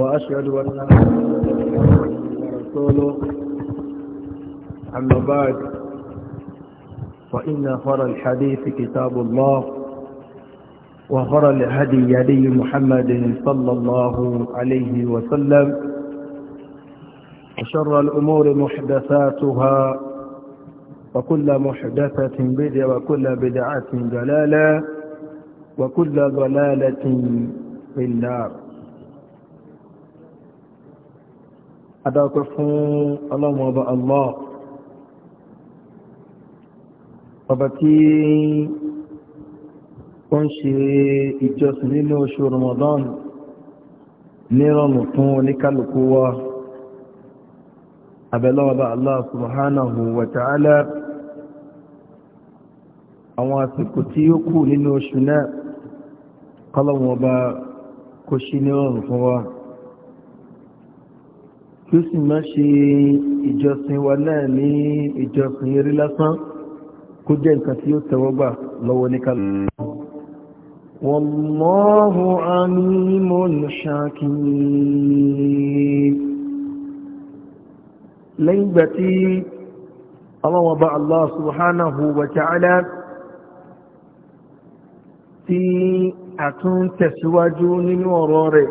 وأشهد أن لا إله إلا رسوله أما بعد فإن خر الحديث كتاب الله وخر الهدي يدي محمد صلى الله عليه وسلم وشر الأمور محدثاتها وكل محدثة بدعة وكل بدعة ضلالة وكل ضلالة في النار adáwọ̀pẹ́ fún ọlọ́run ọba Allah ọba tí ó ń ṣe ìjọsìn nínú oṣù Ramadan nírọ̀rùn fún oníkálukú wa abẹ́lọ́wọ́ bá Allah subhanahu wa ta'ala àwọn àsìkò tí ó kù nínú oṣù náà kọ́lọ̀wọ̀n ọba kò ṣí nírọ̀rùn fún wa kí ó sì má ṣe ìjọsìn wa náà ní ìjọsìn eré lásán kó jẹ́ nǹkan tí ó tẹ̀wọ́gbà lọ́wọ́ ní kálù. Wallahu alimun shakim. Lẹ́yìn subhanahu wa ta'ala tí a tún tẹ̀síwájú nínú ọ̀rọ̀ rẹ̀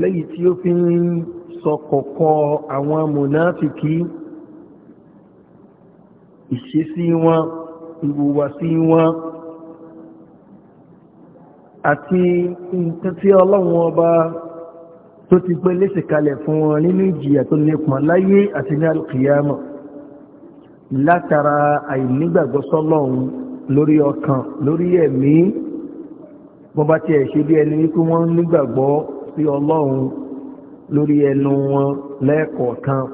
lẹ́yìn tí ó fi ń sísọ kọ̀kọ̀ àwọn mùnáfìkì ìṣesí wọn ìwùwàsí wọn àti nǹkan tí ọlọ́run ọba tó ti gbé léṣe kalẹ̀ fún wọn nínú ìjìyà tó nípọn láyé àti ní alùkìyàmọ̀ látara àìnígbàgbọ́ sọ́lọ́run lórí ọkàn lórí ẹ̀mí bọ́bá tí ẹ̀ ṣe bí ẹni wípé wọ́n nígbàgbọ́ sí ọlọ́run lórí ẹnu wọn lẹ́ẹ̀kọ̀ọ̀kan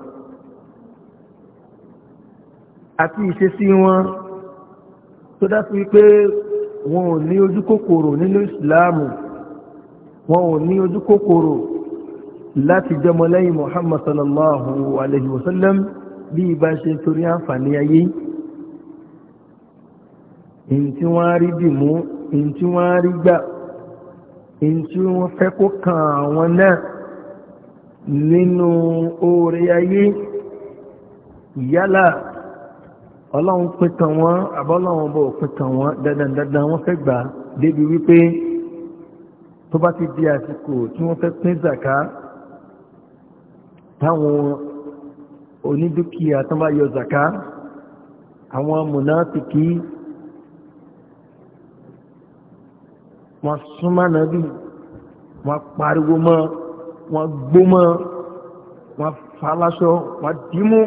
àti ìṣesí wọn tó dákú wípé wọn ò ní ojú kòkòrò nínú ìsìláàmù wọn ò ní ojú kòkòrò láti jẹmọ lẹ́yìn Muhammad sallallahu alaihi wasallam bí ibá ṣe torí àǹfààní ayé ìntí wọ́n rí dìmú ìntí wọ́n rí gbà ìntí wọ́n fẹ́ kó kàn àwọn náà nínú oore ayé yálà ọlọ́run pẹ̀tàn wọn àbọ́lọ́run bọ̀ pẹ̀tàn wọn dandandandan wọ́n fẹ́ gbà débi wípé tó bá ti di àsìkò tí wọ́n fẹ́ pín zaka táwọn onídúkìá tán bá yọ zaka àwọn mùnáfìkì wọ́n súnmọ́ náà bí wọ́n pariwo mọ́ wọ́n gbómọ́ wọ́n faláṣọ wọ́n dìímú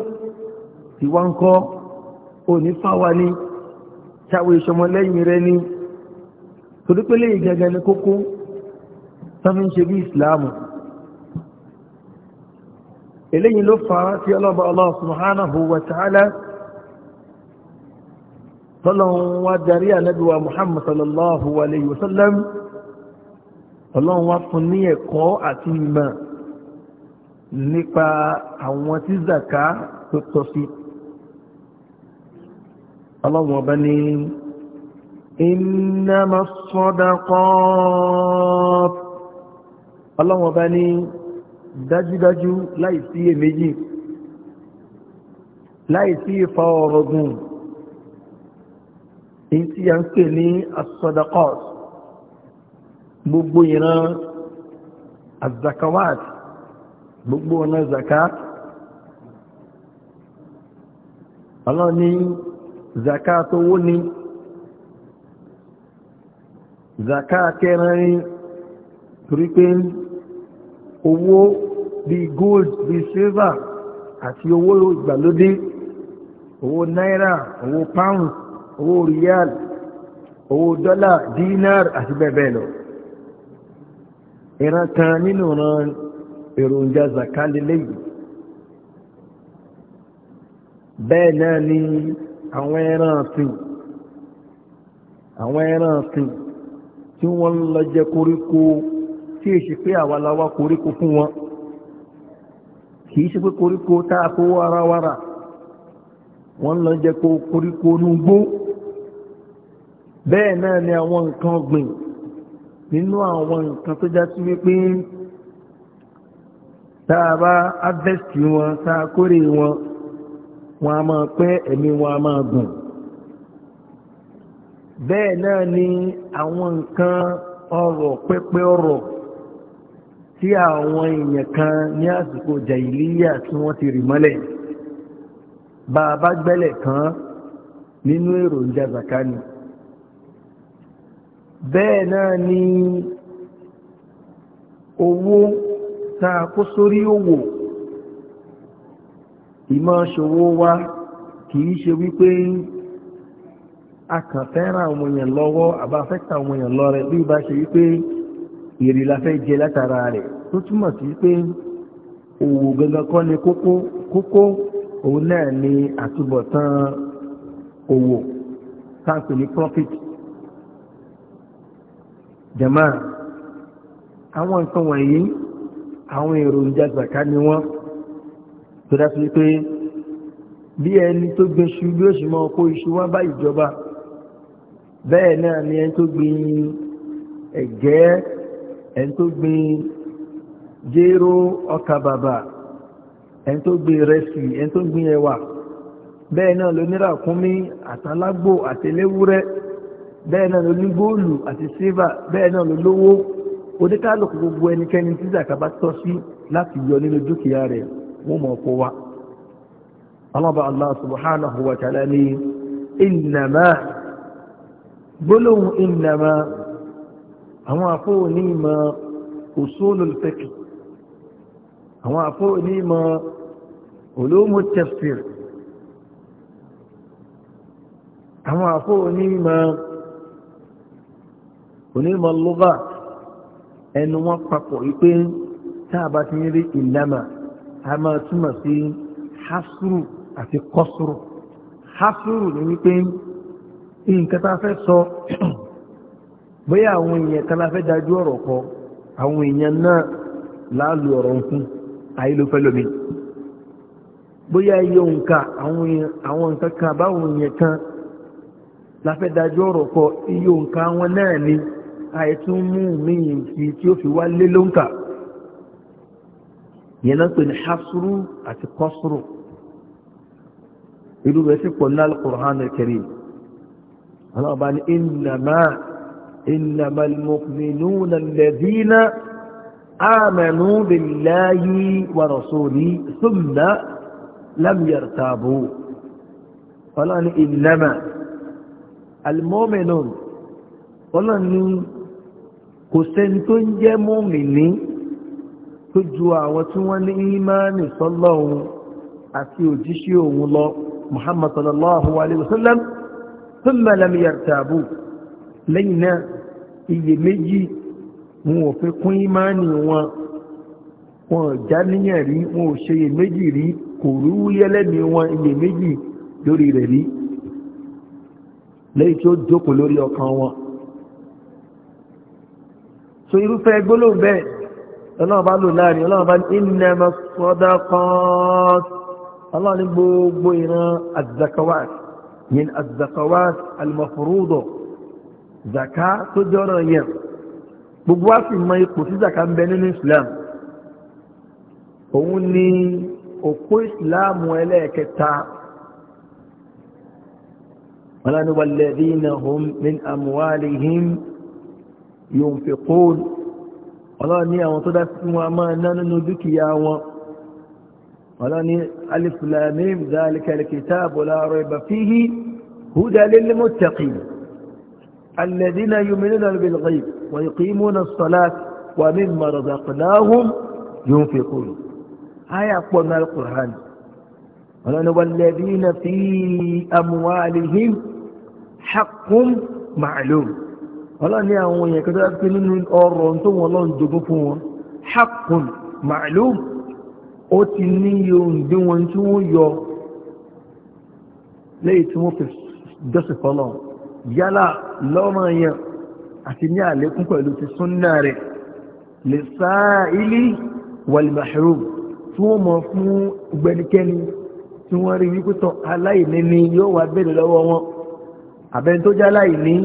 ìwà ń kọ́ òní fáwa ni ṣàwé ìṣọmọ lẹ́yìn rẹ ni torí pé lẹ́yìn gẹ́gẹ́ ni kókó tọ́fí ń ṣe bí ìsìláàmù eléyìí ló fa tí ọlọ́ba Allah subhanahu wa ta'ala tọ́lọ́run wá darí ànábì wa sallallahu alayhi wa sallam ọlọ́run wá fún ní ẹ̀kọ́ àti ìmọ̀ nípa àwọn tí zaka tó tọ́ sí ọlọ́run ọba ní innama sadaqat ọlọ́run ọba ní dájúdájú láìsí èméjì láìsí ìfà ọ̀rọ̀gùn èyí tí a ń pè ní as gbogbo ìran azakawat gbogbo ọ̀nà zakat ọlọ́run zakat owó ni zakat ẹran ni torí pé owó bí gold bí silver àti owó ìgbàlódé owó náírà owó pound owó riyal owó dọ́là dinar àti bẹ́ẹ̀ bẹ́ẹ̀ lọ. ìran kan nínú ran èròjà zakalilé yìí bẹ́ẹ̀ náà ni àwọn ẹran ọ̀sìn àwọn ẹran ọ̀sìn tí wọ́n ń lọ jẹ koríko tí è ṣe pé àwàláwà koríko fún wọn kì í ṣe pé koríko tá a kó warawara wọ́n lọ jẹ koríko núgbó bẹ́ẹ̀ náà ni àwọn nǹkan ọ̀gbìn nínú àwọn nǹkan tó já sí wípé tá a bá harvest wọn tá a kórè wọn wọn a máa pẹ́ ẹ̀mí wọn a máa gùn bẹ́ẹ̀ náà ni àwọn nǹkan ọrọ̀ pẹ́pẹ́ ọrọ̀ tí àwọn èèyàn kan ní àsìkò jàìlíyà tí wọ́n ti rì mọ́lẹ̀ bá a bá gbẹ́lẹ̀ kan nínú èròjà zakani bẹ́ẹ̀ náà ni owó táa kó sórí òwò ìmọ̀ ṣòwò wa kìí ṣe wípé a kàn fẹ́ràn àwọn èèyàn lọ́wọ́ àbá fẹ́ta àwọn èèyàn lọ́rẹ bí bá ṣe wípé èrè la fẹ́ jẹ látara rẹ̀ tó túmọ̀ sí pé òwò gangan kọ́ ni kókó òun náà ni àtúbọ̀tán owó táǹpì ní profit jẹ̀má àwọn nǹkan wọ̀nyí àwọn èròjà zaka ni wọ́n tó dá sí pé bí ẹni tó gbin iṣu bí ó sì máa kó iṣu wá bá ìjọba bẹ́ẹ̀ náà ni ẹni tó gbin ẹ̀gẹ́ ẹni tó gbin jéró ọkà bàbà ẹni tó gbin rẹsì ẹni tó gbin ẹwà bẹ́ẹ̀ náà lóníràkúnmí àtàlágbò àtẹlẹ́wúrẹ́ bẹ́ẹ̀ náà ló ní góòlù àti sílvà bẹ́ẹ̀ náà ló lówó oníkálùkù gbogbo ẹnikẹ́ni tí zaka bá tọ́ sí láti yọ nínú dúkìá rẹ̀ wọ́n mọ̀ kó wa ọlọ́ba allah subhanahu wa ta'ala ní ìnàmá gbólóhùn ìnàmá àwọn àfóò ní ìmọ̀ usulul onímọ̀ lọ́gà ẹnu wọn papọ̀ wípé tá a bá ti ń rí ìlànà a máa túmọ̀ sí hasuru àti kọ́sùrù hasuru ni wípé nǹkan tá a fẹ́ sọ bóyá àwọn èèyàn kan la fẹ́ dájú ọ̀rọ̀ kọ àwọn èèyàn náà láàlú ọ̀rọ̀ ń fún ayélujáfẹ́ lómi bóyá iye òǹkà àwọn nǹkan kan àbáwọn èèyàn kọ iye òǹkà wọn náà àìtún mú míyìn sí tí ó fi wá lé lóǹkà yẹn náà pè ní hasru àti kọ́sùrù irú rẹ̀ sì pọ̀ ní al-Qur'an al-Karim Allah bá ní innama innama al-mu'minuna alladhina amanu billahi wa rasulihi thumma lam yartabu ní innama al-mu'minun Allah ní kò sẹ́ni tó ń jẹ́ mùmínì tó ju àwọn tí wọ́n ní ìmánì sọ́lọ́hun àti òjíṣẹ́ òun lọ muhammad sallallahu alayhi wa sallam thumma lam yartabu lẹ́yìn náà iyèméjì wọn ò fi kún ìmánì wọn wọn ò já níyàn rí wọn ò ṣe iyèméjì rí kò rú yẹlẹ́mi wọn iyèméjì lórí rẹ̀ rí lẹ́yìn tí jókòó lórí ọkàn wọn so irúfẹ́ gbólóhùn bẹ́ẹ̀ ọlọ́run bá lò láàrin ọlọ́run bá ní ìnàmà sọ́dákọ́t ọlọ́run ní gbogbo ìran azakawat yẹn azakawat alimọ̀fúrúdọ̀ zaka tó jẹ́ ọ̀rọ̀ yẹn gbogbo wa sì mọ ipò sí zaka ń bẹ nínú islam òun ni òpó islam ẹlẹ́ẹ̀kẹta ọlọ́run wàlẹ́dínà hum min amuwalihim yunfiqun ọlọ́run ní àwọn tó dá sí wọn máa ná nínú dúkìá wọn ọlọ́run ní alif lam mim dhalika al-kitabu la rayba fihi hudan lil-muttaqin alladhina yu'minuna bil-ghayb wa yuqimuna as-salata wa mimma razaqnahum yunfiqun aya pọ̀ ní al-Qur'an ọlọ́run walladhina fi amwalihim haqqun ma'lum ọlọ́run ní àwọn èèyàn kan tó dájú pé nínú ọrọ̀ tó wọn lọ́n jogún fún wọn haqqun ma'lum ó ti ní ohun gbé wọn tí wọ́n yọ lẹ́yìn tí wọ́n fi jọ́sìn fọ́lọ́ yálà lọ́rọ̀ yẹn àti ní àlékún pẹ̀lú ti súnnà rẹ̀ lè sáàílì wàlìmáhìrùm tí wọ́n mọ̀ fún gbẹnikẹ́ni tí wọ́n rí wípé tán aláìní ni yóò wá bèèrè lọ́wọ́ wọn àbẹ́ni tó jẹ́ aláìní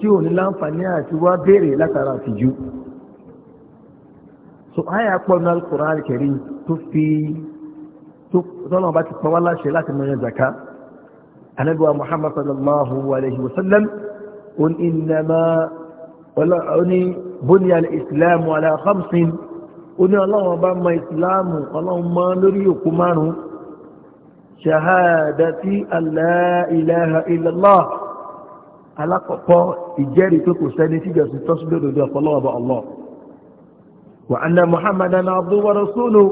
tí ò ní láǹfààní àti wá béèrè látara àtijú so àyà pọ̀ ní Al-Qur'an Al-Karim tó fi tọ́nà bá ti pọ̀wá láṣẹ láti mọ̀yàn zaka Ànábì wa Muhammad sallallahu alaihi wasallam on innama oni bóni al-islamu ala khamsin oní ọlọ́run bá mọ ìsìláàmù ọlọ́run mọ́ lórí òkú márùn alla ilaha illallah alákọ̀ọ́kọ́ ìjẹ́rìí pé kò sẹ́ni tí jẹ̀sùn tọ́sí lódodo ọ̀pọ̀lọ́wọ́ Allah wa anna muhammadan abduhu wa rasuluhu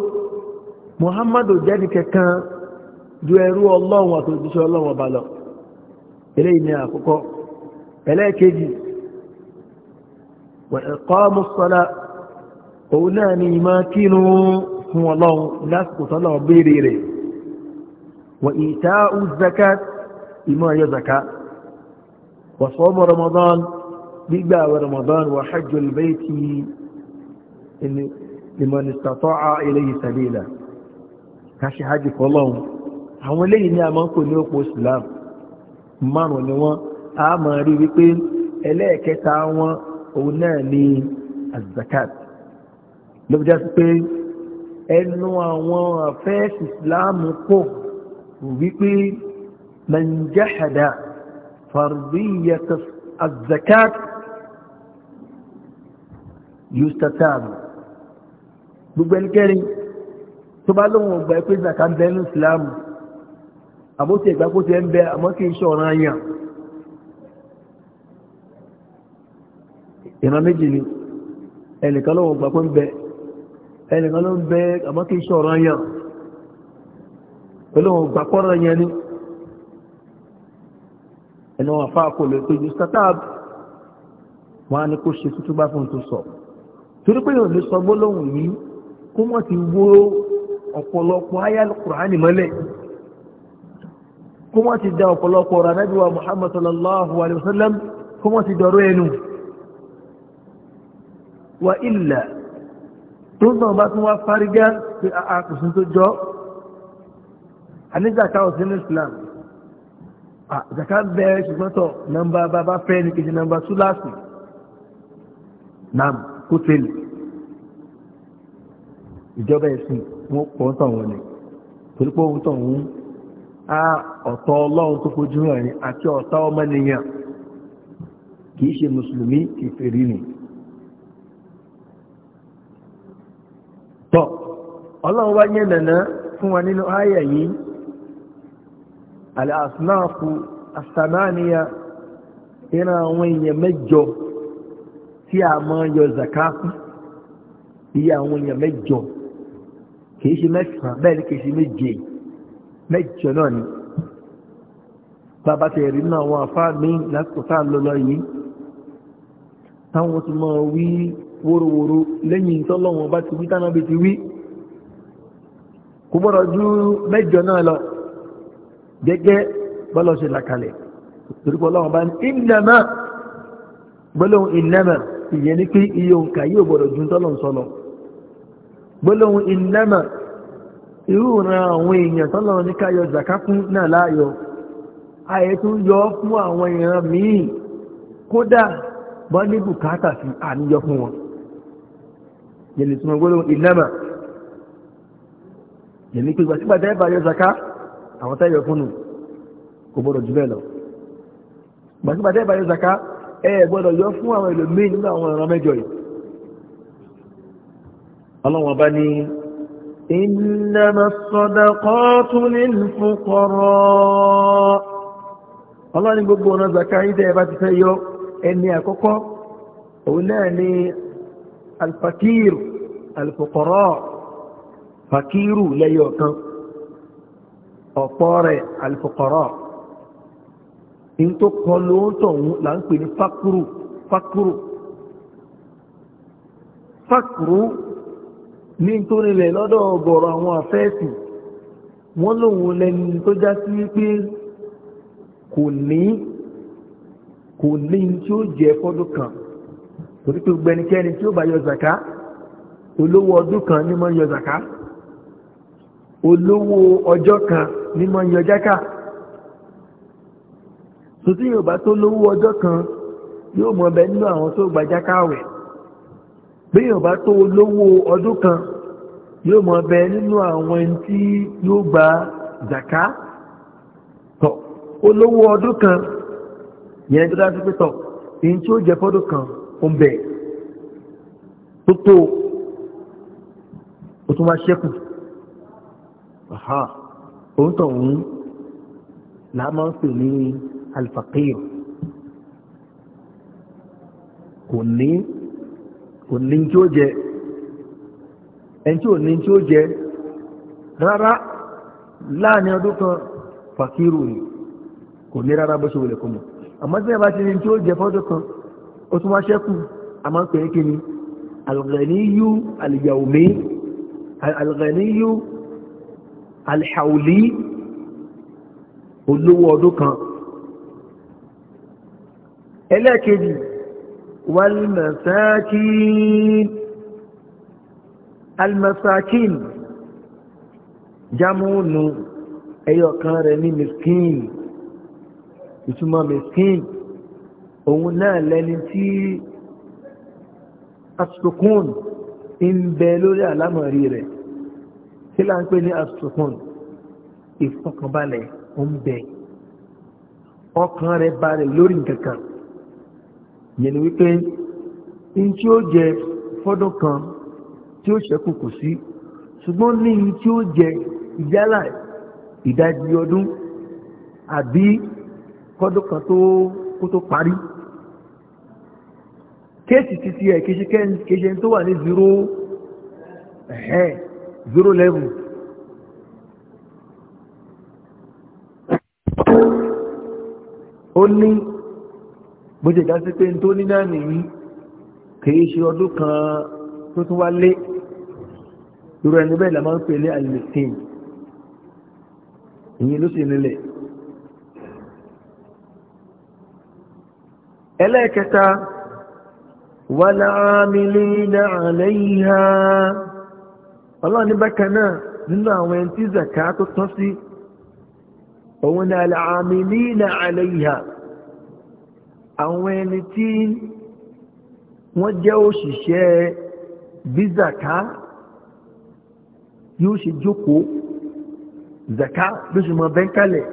muhammadu jẹ́ni kankan ju ẹrú ọlọ́run àtòjíṣẹ́ ọlọ́run ọba lọ eléyìí ni àkọ́kọ́ ẹlẹ́ẹ̀kejì wa iqamus salat òun náà ni ìmá وصوم رمضان بيقبع رمضان وحج البيت لمن استطاع إليه سبيلا كاشي حاجك والله àwọn eléyìí ni a máa ń kò ní òpó islam márùn ni wọ́n a máa rí wípé ẹlẹ́ẹ̀kẹta wọn òun náà ni azakat ló fi jásí pé ẹnu àwọn afẹ́ẹ̀sì islam kò wípé man jahada فرضية الزكاة يستتاب gbogbo ẹnikẹ́rin tó bá lóhun ọgbà ẹ̀pẹ́ zaka ń bẹ ní ìsìláàmù àbótí ẹ̀gbà kó ti ẹ̀ ń bẹ àmọ́ kí iṣẹ́ ọ̀ràn ayà ìran méjì ni ẹnìkan lóhun ọgbà pẹ́ ń bẹ ẹnìkan ló ń bẹ àmọ́ kí iṣẹ́ ọ̀ràn ayà pẹ̀lú ọgbà pọ́ràn yẹn ni ẹnu wọn fáà kò lè péjú satab wọn á ní kó ṣe tuntun bá fún un tó sọ torí pé yóò lè sọ gbólóhùn yìí kó mọ̀ ti wó ọ̀pọ̀lọpọ̀ ayal Qur'ani mọ́lẹ̀ kó mọ̀ ti da ọ̀pọ̀lọpọ̀ ọ̀rọ̀ anábíwá Muhammad sallallahu alayhi wa sallam kó mọ̀ ti dọ̀rọ̀ ẹnu wa illa tó ń sọ̀rọ̀ bá tún wá fárígá sí àkùsùn tó jọ anígbàtà òsínú Islam àzàká ah, bẹ̀rẹ̀ ṣùgbọ́n tọ̀ nọ́mbà bàbá fẹ́ ní kejì nọ́mbà túláàsì nam kó tẹ́lẹ̀ ìjọba ẹ̀sìn wọn pọ̀ ń tàn wọn ni torí pé òun tàn wọn á ọ̀tọ̀ ọlọ́run tó fojú hàn ní àti ọ̀tá ọmọnìyàn kì í ṣe mùsùlùmí kì í fèrè nì. tọ́ ọlọ́run wá yẹn nàná fún wa nínú áyà yìí الأصناف الثمانية هنا وين يمجو tí a mọ yọ zaka fún iye àwọn èèyàn mẹ́jọ kìí ṣe mẹ́sàn-án bẹ́ẹ̀ ni kìí ṣe méje mẹ́jọ náà ni bàbá tẹ̀ rí náà àwọn afá mi lásìkò tá a lọ yìí táwọn ti máa wí wóróworó lẹ́yìn tọ́lọ́wọ́n bá ti wí táwọn bí ti wí kò gbọ́dọ̀ ju mẹ́jọ náà lọ gẹ́gẹ́ bọ́lọ̀ ṣe làkalẹ̀ torípọ̀ ọlọ́run bá ní ìnàmà gbólóhùn ìnàmà ìyẹn ní pé iye òǹkà yóò gbọ́dọ̀ ju tọ́lọ̀ ń sọlọ gbólóhùn ìnàmà irú ran àwọn èèyàn tọ́lọ̀ ní káyọ zàká fún náà láàyọ ayé tún yọ fún àwọn èèyàn míì kódà bọ́ ní bùkátà sí àníyọ fún wọn yẹn ní túnmọ̀ gbólóhùn ìnàmà yẹn ní pé gbàtígbàtà ẹ̀ bá àwọn tẹ́yọ̀ fún nù kò gbọ́dọ̀ jù bẹ́ẹ̀ lọ gbàgbàdé ìbáyọ̀ zaka ẹ gbọ́dọ̀ yọ fún àwọn ẹlòmíì nínú àwọn ẹ̀rọ mẹ́jọ yìí ọlọ́wọ́n bá ní innama sadaqatu lil fuqara fakiru lẹ́yọ̀ kan ọ̀pọ̀ rẹ̀ alifọ̀kọ̀rọ̀ in tó kọ lóótọ̀ òun là ń pè ní fákúrù fákúrù fákúrù ní tó nílẹ̀ lọ́dọ̀ ọgọ̀rọ̀ àwọn àfẹ́ẹ̀sì wọ́n lòun lẹ́ni tó já sí wípé kò ní kò ní tí ó jẹ fọ́dún kan torí pé gbẹnikẹ́ni tí ó bá yọ zàká olówó ọdún kan ní mọ́ yọ zàká olówó ọjọ́ kan ní mọ́ yan jáká tó tí yóò bá tó lówó ọjọ́ kan yóò mọ bẹ nínú àwọn tó gba jáká wẹ̀ bí yóò bá tó lówó ọdún kan yóò mọ bẹ nínú àwọn ẹni tí yóò gba jáká tọ̀ olówó ọdún kan yẹn tó dájú pé tọ̀ èyí tí ó jẹ fọ́dún kan ń bẹ̀ tó tó ó tún wá ṣẹ́kù ha òun tó ń là máa ń pè ní alfaqir kò ní kò ní tí ó jẹ ẹni tí ò ní tí ó jẹ rárá láàrin ọdún kan fàkírù ni kò ní rárá bó ṣe wọlé kó àmọ́ tí ẹ̀bá ti ní tí ó jẹ fọ́dún kan ó tún wá ṣẹ́kù a máa ń pè é kí ni alghaniyu alyaumi alghaniyu alhaulí olówó ọdún kan ẹlẹ́ẹ̀kejì walmasakin almasakin jámúnù ẹyọ kan rẹ̀ ní miskin ìtumọ̀ miskin òun náà lẹni tí asukun ń bẹ lórí àlámọ̀rí rẹ̀ kí là ń pè ní asukun ìfọkànbalẹ̀ ń ọkàn rẹ̀ balẹ̀ lórí nǹkan kan yẹn ni wípé ní tí ó jẹ fọ́dún kan tí ó ṣẹ́kù kù sí ṣùgbọ́n ní ní tí ó jẹ ìjálà ìdajì ọdún àbí kọ́dún kan tó kó tó parí kéèsì títí ẹ̀ kéṣe tó wà ní zero zero level ó ní bó ṣe dá sí pé tó ní náà nìyí kìí ṣe ọdún kan tó tún wá lé irú ẹni bẹ́ẹ̀ la ń pè ní alimetin ìyẹn ló sì nílẹ̀ ẹlẹ́ẹ̀kẹta wàlá àmìlì náà lẹ́yìn ha ọlọ́run ní bákan náà nínú àwọn ẹni tí zaka tó tán sí òun ni al-amilina alayha àwọn ẹni tí wọ́n jẹ́ òṣìṣẹ́ bí zaka yóò ṣe jókòó zaka ló mọ bẹ́ńkálẹ̀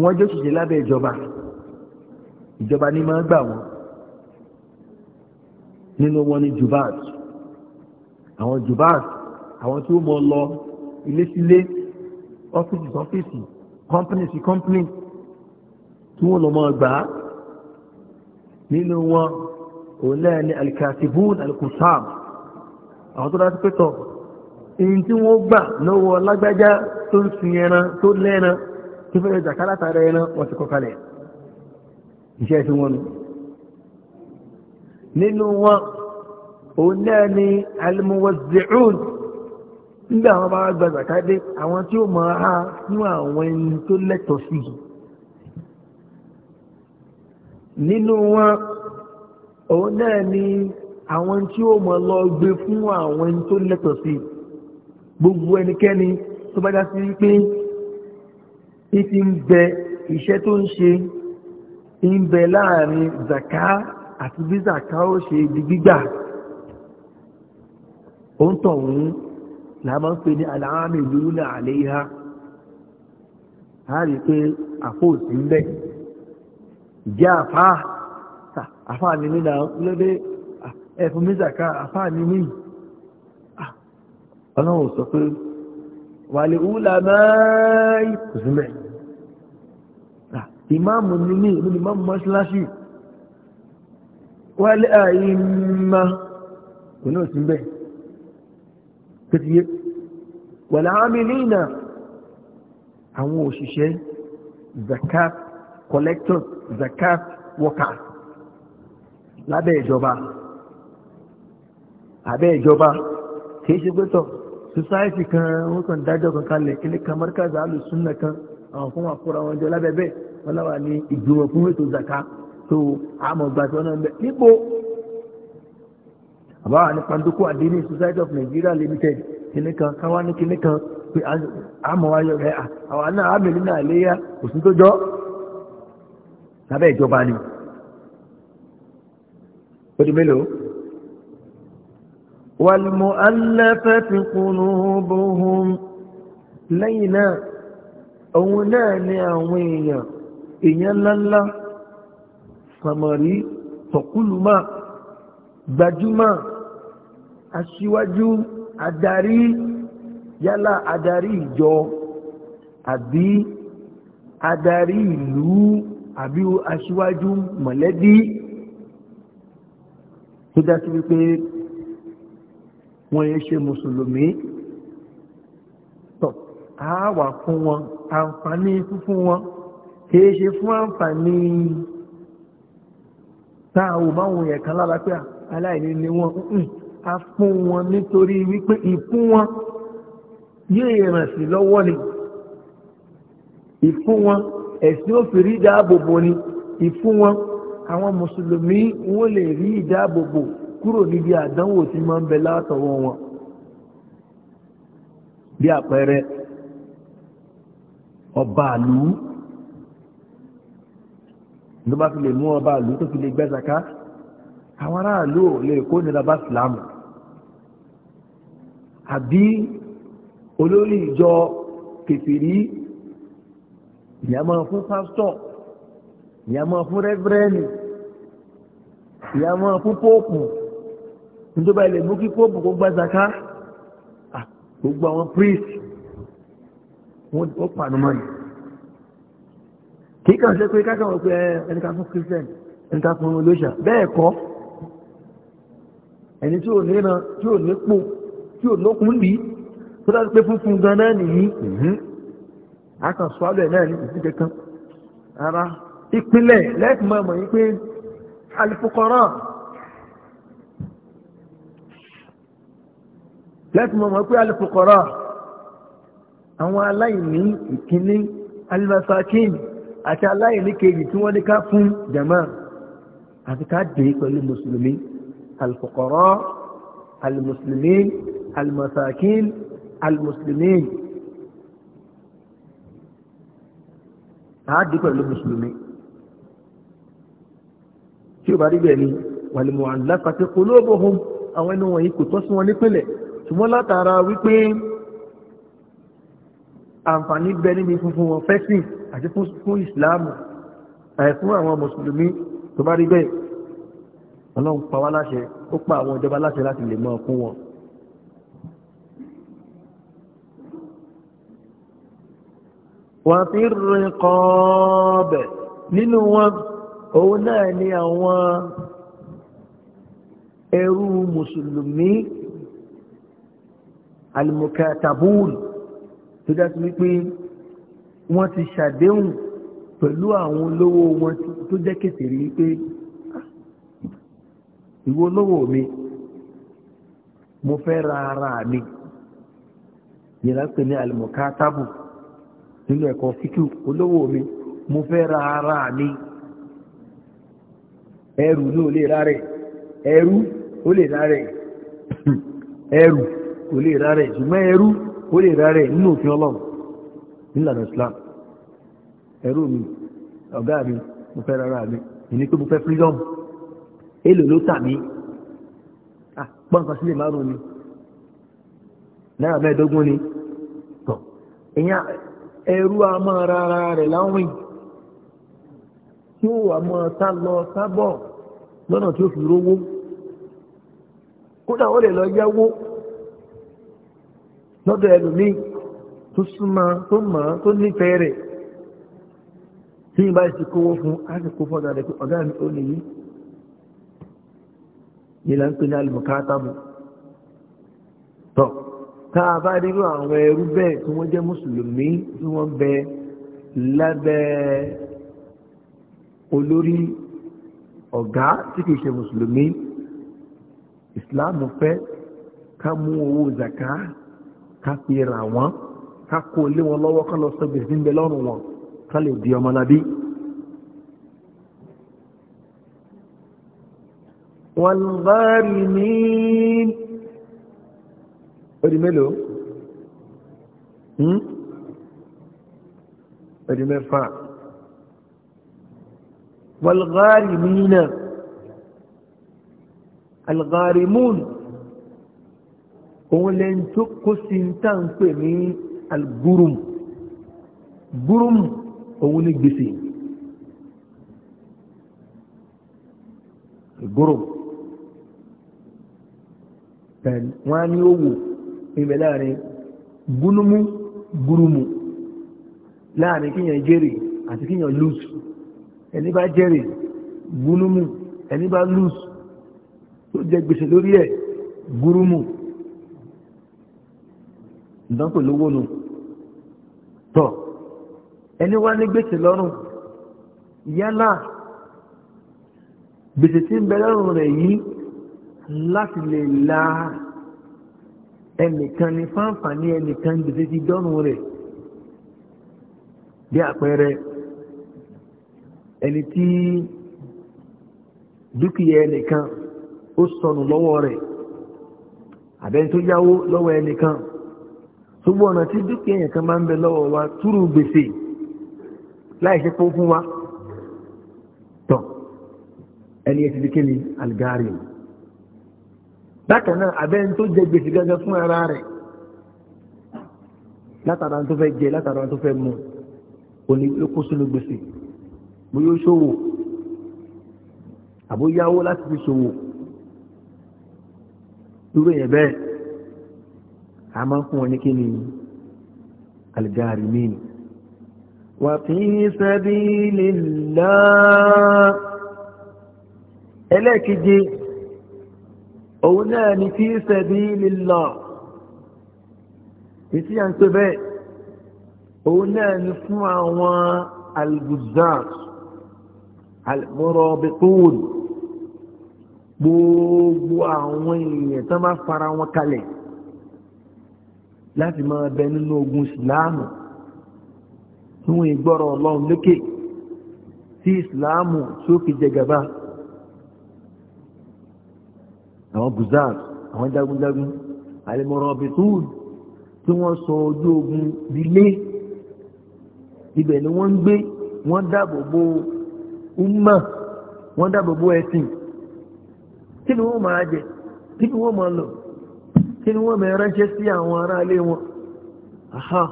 wọ́n jẹ́ òṣìṣẹ́ lábẹ́ ìjọba ìjọba ní máa gbà wọ́n nínú wọn ni jubat àwọn jubans àwọn tí ó mọ lọ ilé sílé ọ́fíìsì sọ́fíìsì kọ́mpínì sí kọ́mpínì tí wọ́n lọ mọ́ gbà á nínú wọn òun náà ni alikatibun alikusam àwọn tó dá sí pẹ́tọ̀ èyí tí wọ́n gbà lọ́wọ́ lágbájá tó ń sun ẹran tó lẹ́ran tó fẹ́rẹ̀ jàkálà tààrẹ ẹran wọ́n ti kọ́kalẹ̀ iṣẹ́ tí wọ́n nínú wọn òun náà ni alimuwaziun nígbà àwọn bá gba zakadé àwọn tí ó mọ ha nínú àwọn ẹni tó lẹ́tọ̀ọ́ sí i nínú wọn òun náà ni àwọn tí ó mọ lọ gbé fún àwọn ẹni tó lẹ́tọ̀ọ́ sí i gbogbo ẹnikẹ́ni tó bá dá sí wípé ìfi ń bẹ iṣẹ́ tó ń ṣe ń bẹ láàrin zaka àti bí zaka ó ṣe di gbígbà òun tọ̀ òun là máa ń pè ní aláàmì ìlú náà àléhà a rí i pé àfóòsì ń bẹ̀ ìjẹ́ àfá àfá ni mí náà lóde ẹ̀fún mi zàká àfá ni mí ọlọ́run sọ pé wàlẹ̀ wúlà máa kò sí mẹ́ ìmáàmù ni mí ìlú ìmáàmù mọ́ṣáláṣí wàlẹ̀ àyè kò náà sí bẹ́ẹ̀ tẹ́tíyé wàlá amìlínà àwọn òṣìṣẹ́ zakat collectors zakat workers lábẹ́ ìjọba àbẹ́ ìjọba kìí ṣe gbẹ́tọ̀ society kan wọ́n kàn dájọ́ kan kalẹ̀ kílé kan markaz alùsùnà kan àwọn fún àkúrà wọn jọ lábẹ́ bẹ́ẹ̀ wọ́n láwà ní ìgbìmọ̀ fún ètò zakat tó àmọ̀ gbàtọ́ náà bẹ́ẹ̀ níbo ba ni pàndókò àdínní society of Nigeria limited kini kan kan ní kìnnì kan pé àmọ́ ayọ̀ rẹ̀ àwọn náà àmìlí náà léyà òsín tó jọ́ lábẹ́ ìjọba ni ó di mélòó wal-mu'allafati qulubuhum lẹ́yìn náà òun náà ni àwọn èèyàn èèyàn ńláńlá samari gbajúmọ̀ aṣíwájú adarí yálà adarí ìjọ àbí adarí ìlú àbí aṣíwájú mọ̀lẹ́bí tó dá sí wípé wọ́n yẹ ṣe mùsùlùmí tọ̀ á wà fún wọn àǹfààní fúnfún wọn kìí ṣe fún àǹfààní táà ò máa lára pé à aláìní ni wọ́n a fún wọn nítorí wípé ìfún wọn yóò ràn sí lọ́wọ́ ni ìfún wọn ẹ̀sìn òfìrí dáàbòbò ni ìfún wọn àwọn mùsùlùmí wọn lè rí ìdáàbòbò kúrò níbi àdánwò tí máa ń bẹ látọwọ́ wọn bí àpẹẹrẹ ọba àlú ló bá fi lè mú ọba àlú tó fi lè gbẹ́sàká àwọn aráàlú ò lè kó nira bá sìlámù àbí olórí ìjọ kẹfìrí ìyá máa fún pásítọ̀ ìyá máa fún rẹ́fúrẹ́nì ìyá máa fún póòpù nítorí báyìí lè mú kí póòpù kó gba zaka gbogbo àwọn priest wọ́n pàánù mọ́ ni kí kàn ṣe pé kákan wọ́n pé ẹnìkan fún christian ẹnìkan fún olóṣà bẹ́ẹ̀ kọ́ ẹni tí ò níran tí ò nípò tí ò lókun lì tó dájú pé funfun gan náà nìyí àkàn mhm. sọ́ọ́lẹ̀ náà ní ìsìn kankan ara ìpínlẹ̀ lẹ́ẹ̀kì máa mọ̀ yí pé alifukọ́rọ̀ lẹ́ẹ̀kì máa mọ̀ pé alifukọ́rọ̀ àwọn aláìní ìkíní alimasakin àti aláìní kejì tí wọ́n ní ká fún jama àti ká dé pẹ̀lú mùsùlùmí الفقراء المسلمين المساكين المسلمين àádìí pẹ̀lú mùsùlùmí tí ó bá rí bẹ́ẹ̀ ni wàlìmọ̀ àlápàtẹ́ olóòbòhun àwọn ẹni wọ̀nyí kò tọ́ sí wọn nípìnlẹ̀ ṣùgbọ́n látara wípé àǹfààní bẹ níbi funfun wọn fẹ́sìn àti fún ìsìláàmù àìfún àwọn mùsùlùmí tó bá rí bẹ́ẹ̀ ọlọ́run pa wá láṣẹ ó pa àwọn ìjọba láṣẹ láti lè mọ́ ọkún wọn wọ́n fi rìn kọ́ọ̀bẹ̀ nínú wọn òun náà ni àwọn ẹrú mùsùlùmí almukatabul tó dá sí wípé wọ́n ti ṣàdéhùn pẹ̀lú àwọn olówó wọn tó jẹ́ kèsìrí wípé ìwọ olówó mi mo fẹ́ ra ara mi yìnyín pé ní alimọ̀kátábù nínú ẹ̀kọ́ fíkú olówó mi mo fẹ́ ra ara mi ẹrù ní olè rárẹ̀ ẹrù olè rárẹ̀ ẹrù olè rárẹ̀ ṣùgbọ́n ẹrù olè rárẹ̀ nínú òfin ọlọ́run nílànà Islam ẹrù mi ọ̀gá mi mo fẹ́ ra ara mi ìní pé mo fẹ́ freedom èlò ló tà mí pọ́ǹkan ah, sílẹ̀ márùn-ún ni náírà mẹ́ẹ̀ẹ́dógún ni tọ̀ èèyàn ẹrú a máa ra ara rẹ̀ láwìn tí ó wà máa sá lọ sábọ̀ lọ́nà tí ó fi rówó kódà ó lè lọ yáwó lọ́dọ̀ ẹlòmíì tó súnmọ́ tó mọ̀ tó nífẹ̀ẹ́ rẹ̀ tí ìbá ìsìnkówó fún á kó fọ́dà rẹ̀ pé ọ̀gá mi ó nìyí nílá ń pè ní alìmọ̀kátàbù tọ́ tá a bá nínú àwọn ẹrú bẹ́ẹ̀ tí wọ́n jẹ́ mùsùlùmí tí wọ́n bẹ lábẹ́ olórí ọ̀gá tí kìí ṣe mùsùlùmí ìsìláàmù fẹ́ ká mú owó zaka ká fi ra wọn ká kó lé wọn lọ́wọ́ ká lọ sọ gbèsè ń bẹ lọ́rùn wọn ká lè di ọmọlábí. والغارمين أدي ملو أدي والغارمين الغارمون هو لن تقو سنتان فمي البرم برم هو نجسين البرم wọ́n á ní owó ibẹ̀ láàrin gúnúmú gúrúmù láàrin kíyàn jèrè àti kíyàn lose ẹni bá jèrè gúnúmù ẹni bá lose tó jẹ gbèsè lórí ẹ̀ gúrúmù ìdánpò lówó nù tọ̀ ẹni wá ní gbèsè lọ́rùn yálà gbèsè tí ń bẹ lọ́rùn rẹ̀ yìí láti lè la ẹnìkan ní fáǹfààní ẹnìkan gbèsè ti dọ́nu rẹ̀ bí àpẹẹrẹ ẹni tí dúkìá ẹnìkan ó sọnù lọ́wọ́ rẹ̀ àbẹ́ni tó yáwó lọ́wọ́ ẹnìkan gbogbo ọ̀nà tí dúkìá ẹnìkan máa ń bẹ lọ́wọ́ wa túrú gbèsè láì ṣe pọ́ fún wa tọ̀ ẹni ẹ ti di kí ni algarin bákan náà abẹ́ni tó jẹ gbèsè gẹ́gẹ́ fún ara rẹ̀ látara tó fẹ́ jẹ látara tó fẹ́ mu òní ló kó sínú gbèsè bóyá ó ṣòwò àbóyáwó láti fi ṣòwò dúró yẹn bẹ́ẹ̀ a máa ń fún wọn ní kí ni algarimin wà fi sabilillah ẹlẹ́ẹ̀keje òun náà ni fi sabilillah ìtí à ń pè bẹ́ẹ̀ òun náà ni fún àwọn al-guzzat al-murabitun gbogbo àwọn èèyàn tó bá fara wọn kalẹ̀ láti máa bẹ nínú ogun ìsìláàmù tí ìgbọ́rọ̀ ọlọ́run lókè tí ìsìláàmù tó fi jẹ gàba àwọn guzar àwọn jagunjagun alimọ̀rọ̀bìtún tí wọ́n sọ ojú ogun nílé ibẹ̀ ni wọ́n ń gbé wọ́n dáàbò bo umma wọ́n dáàbò bo ẹ̀sìn kí ni wọ́n máa jẹ kí ni wọ́n máa lọ kí ni wọ́n máa ránṣẹ́ sí àwọn aráalé wọn aha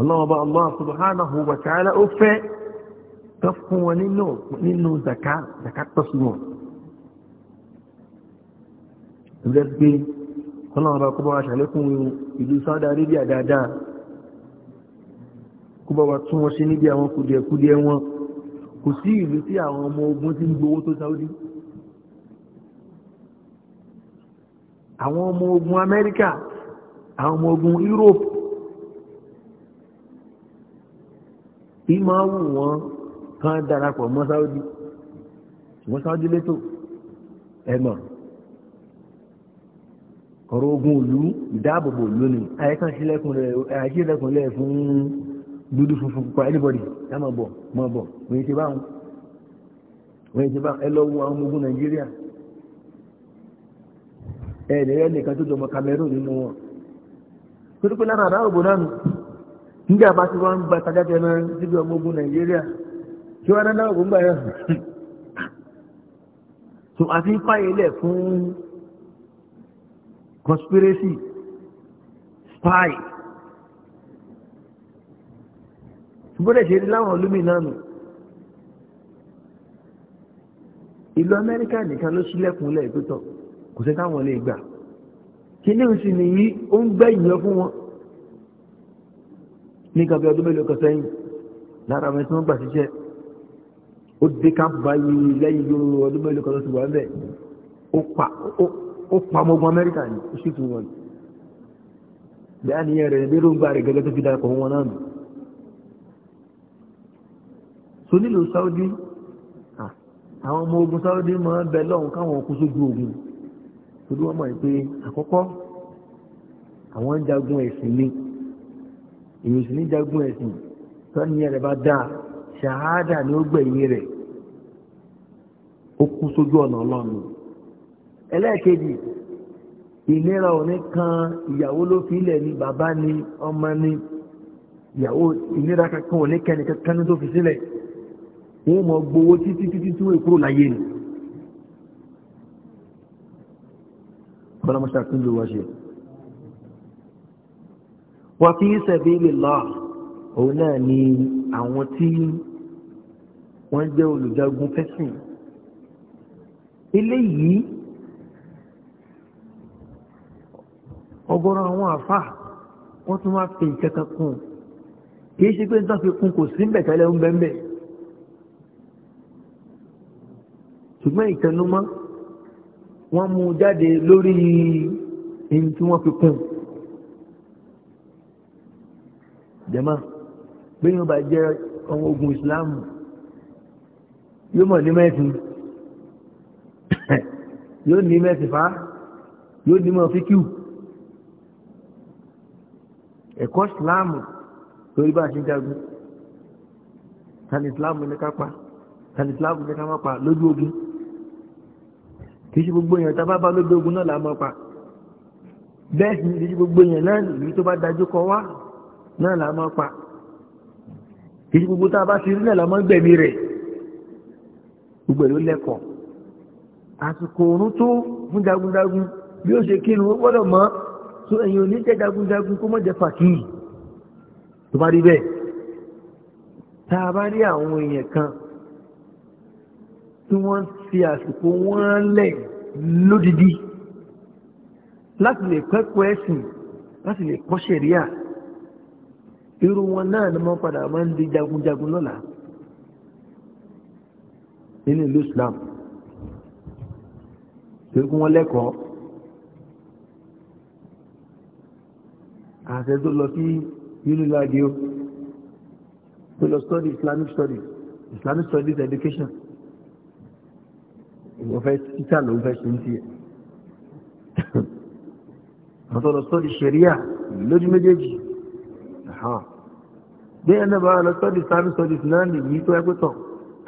ọlọ́ọ̀bá allah subhanahu wa ta'ala ó fẹ́ tó fún wọn nínú zaka zaka tó wọn ń jẹ́ pé ọlọ́run bá kó bá wa ṣàlékún ìlú Saudi Arabia dáadáa kó bá wa tún wọn ṣe níbi àwọn kùdìẹ̀kùdìẹ̀ wọn kò sí ìlú tí àwọn ọmọ ogun ti ń gbowó tó Saudi àwọn ọmọ ogun Amẹ́ríkà àwọn ọmọ ogun Europe ìmọ̀ wù wọn kan darapọ̀ mọ́ Saudi ṣùgbọ́n Saudi lẹ́tọ̀ ẹ̀mọ̀. kọrọ ogun òlú ìdáàbòbò lónìí àyíká sílẹ̀kùn lẹ̀ fún dúdú funfun pupa anybody ẹ máa bọ̀ máa bọ̀ wọ́n ti bá wọn wọ́n ti bá ẹ àwọn ọmọ ogun nàìjíríà ẹ lẹ́yìn nìkan tó jọmọ Cameroon nínú wọn torí pé lára náà nígbà bá ti náà síbi ọmọ ogun nàìjíríà wọ́n gbà yẹn conspiracy spy gbọ́dẹ̀ ṣe rí láwọn olómi náà nù ìlú amẹ́ríkà nìkan ló sílẹ̀kùn lẹ̀ tó tọ̀ kò sí táwọn lè gbà kíní òsì nìyí ó ń gbẹ́ ìyẹn fún wọn ní kàbí ọdún mélòó kan sẹ́yìn lára àwọn tí wọ́n gbà síṣẹ́ ó dé káàpù báyìí lẹ́yìn ọdún mélòó kan ló ti wà ń bẹ̀ ó pa ó ó pa ọmọogun amẹ́ríkà ní oṣù tó wọ́n bí a nìyẹn rẹ̀ lérò ń gbà rẹ̀ gẹ́gẹ́ tó fi darapọ̀ wọn náà nù so nílò Saudi àwọn ọmọ ogun Saudi máa ń bẹ lọ́hùn káwọn kú sójú ogun torí wọ́n mọ̀ pé àkọ́kọ́ àwọn ń jagun ẹ̀sìn ni èyí sì ní jagun ẹ̀sìn tọ́niyàn rẹ̀ bá dáa ṣàhádà ni ó gbẹ̀yìn rẹ̀ ó kú sójú ọ̀nà ọlọ́run ẹlẹ́ẹ̀kejì ìlera òní kan ìyàwó ló fi ilẹ̀ ni bàbá ni ọmọ ni ìyàwó ìlera kankan òní kẹ́ni kankan tó fi sílẹ̀ wọ́n mọ̀ gbowó títí títí tí wọ́n kúrò láyé ni. kọ́lámọ́sá tún ló wá ṣe wà fi sabilillah òun náà ni àwọn tí wọ́n jẹ́ olùjagun fẹ́sìn eléyìí ọgọ́rọ̀ àwọn àfà wọ́n tún máa fi ìkẹta kún kìí ṣe pé nítorí kún kò sí mbẹ̀ tẹ́lẹ̀ ń bẹ́ẹ̀ ṣùgbọ́n ìtẹnumọ́ wọ́n mú jáde lórí ẹni tí wọ́n fi kún jẹ́mà bí yóò bá jẹ́ ọmọ ogun ìsìláàmù yóò mọ̀ ní mẹ́sìn yóò ní mẹ́sìn fa yóò ní mọ̀ fíkìú ẹ̀kọ́ ìsìláàmù lórí bá a ṣe ń jagun tani ìsìláàmù ní ká pa tani ìsìláàmù ní ká má pa lójú ogun kì í ṣe gbogbo èèyàn tá a bá bá lójú ogun náà là á mọ́ pa bẹ́ẹ̀ sì ni kì í ṣe gbogbo èèyàn náà ìlú tó bá dájú kọ wá náà là á mọ́ pa kì í ṣe gbogbo tá a bá ti rí náà là á mọ́ gbẹ̀mí rẹ̀ gbogbo ẹ̀ lẹ́kọ̀ọ́ àsìkò òórùn tó fún jagunjagun bí ó ṣe kírun ó gbọ́dọ̀ mọ́ so ẹ̀yin ò ní jẹ́ jagunjagun kó mọ̀ jẹ́ fàkíyì tó bá rí bẹ́ẹ̀ tá a bá rí àwọn èèyàn kan tí wọ́n fi àsìkò wọ́n lẹ̀ lódìdí láti lè kẹ́kọ̀ọ́ ẹ̀sìn láti lè kọ́ ṣẹ̀ríà irú wọn náà ni wọ́n padà máa ń di jagunjagun lọ́la nínú ìlú Islam tó kún wọn lẹ́kọ̀ọ́ àṣẹ tó lọ sí unilag o tó lọ study islamic studies islamic studies education ìwọ fẹ́ títà ló ń fẹ́ ṣe ń tiẹ̀ àwọn tó lọ study sharia lójú méjèèjì bí ẹni bá lọ study islamic studies náà nìyí tó ẹgbẹ́ tán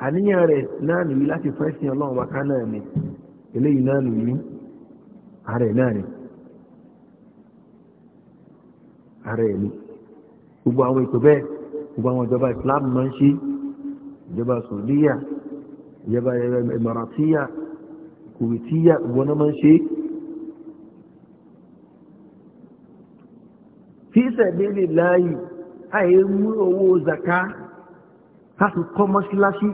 àníyàn rẹ̀ náà nìyí láti fẹ́ sin ọlọ́run wa ká náà ni eléyìí náà nìyí ààrẹ náà nìyí ara ẹ̀ ni gbogbo àwọn ètò bẹ́ẹ̀ gbogbo àwọn ìjọba Islam máa ń ṣe ìjọba Saudiya ìjọba eh, Emiratiya Kuwaitiya gbogbo náà máa ń ṣe. fi sabilillah àyè mú owó zaka káfí kọ́ mọ́ṣíláṣí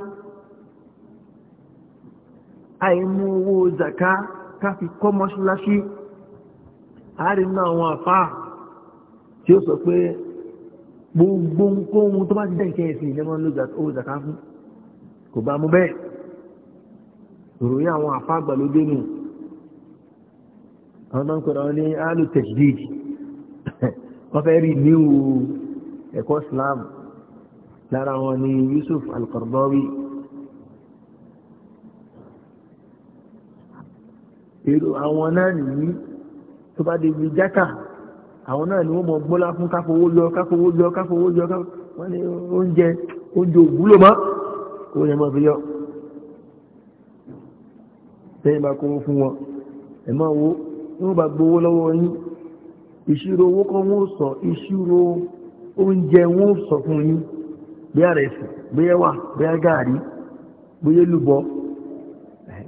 àyè mú owó zaka káfí kọ́ mọ́ṣíláṣí àárín náà àwọn àfáà tí ó sọ pé gbogbo ohun tó bá ti dẹ́ nǹkan ẹ̀sìn ìlẹ́mọ̀ ló owó zaka fún kò bá mú bẹ́ẹ̀ ìròyìn àwọn àfáàgbà ló dé nù àwọn náà ń pẹ̀lú àwọn ní alu tajdid wọ́n fẹ́ rí níwò ẹ̀kọ́ Islam lára wọn ni Yusuf al-Qaradawi èrò àwọn náà nìyí tó bá débi jákà àwọn náà ni wọ́n mọ gbọ́lá fún káfowó lọ káfowó lọ káfowó lọ wọ́n ní oúnjẹ oúnjẹ òwúlò mọ́ kó yẹ mọ́ fi yọ tẹ́yìn bá kówó fún wọn ẹ̀ máa wo wọ́n bá gbowó lọ́wọ́ yín ìṣirò owó kan wọ́n sọ ìṣirò oúnjẹ wọ́n sọ fún yín bí àrẹ̀sì bí ẹwà bí agáàrí bí elúbọ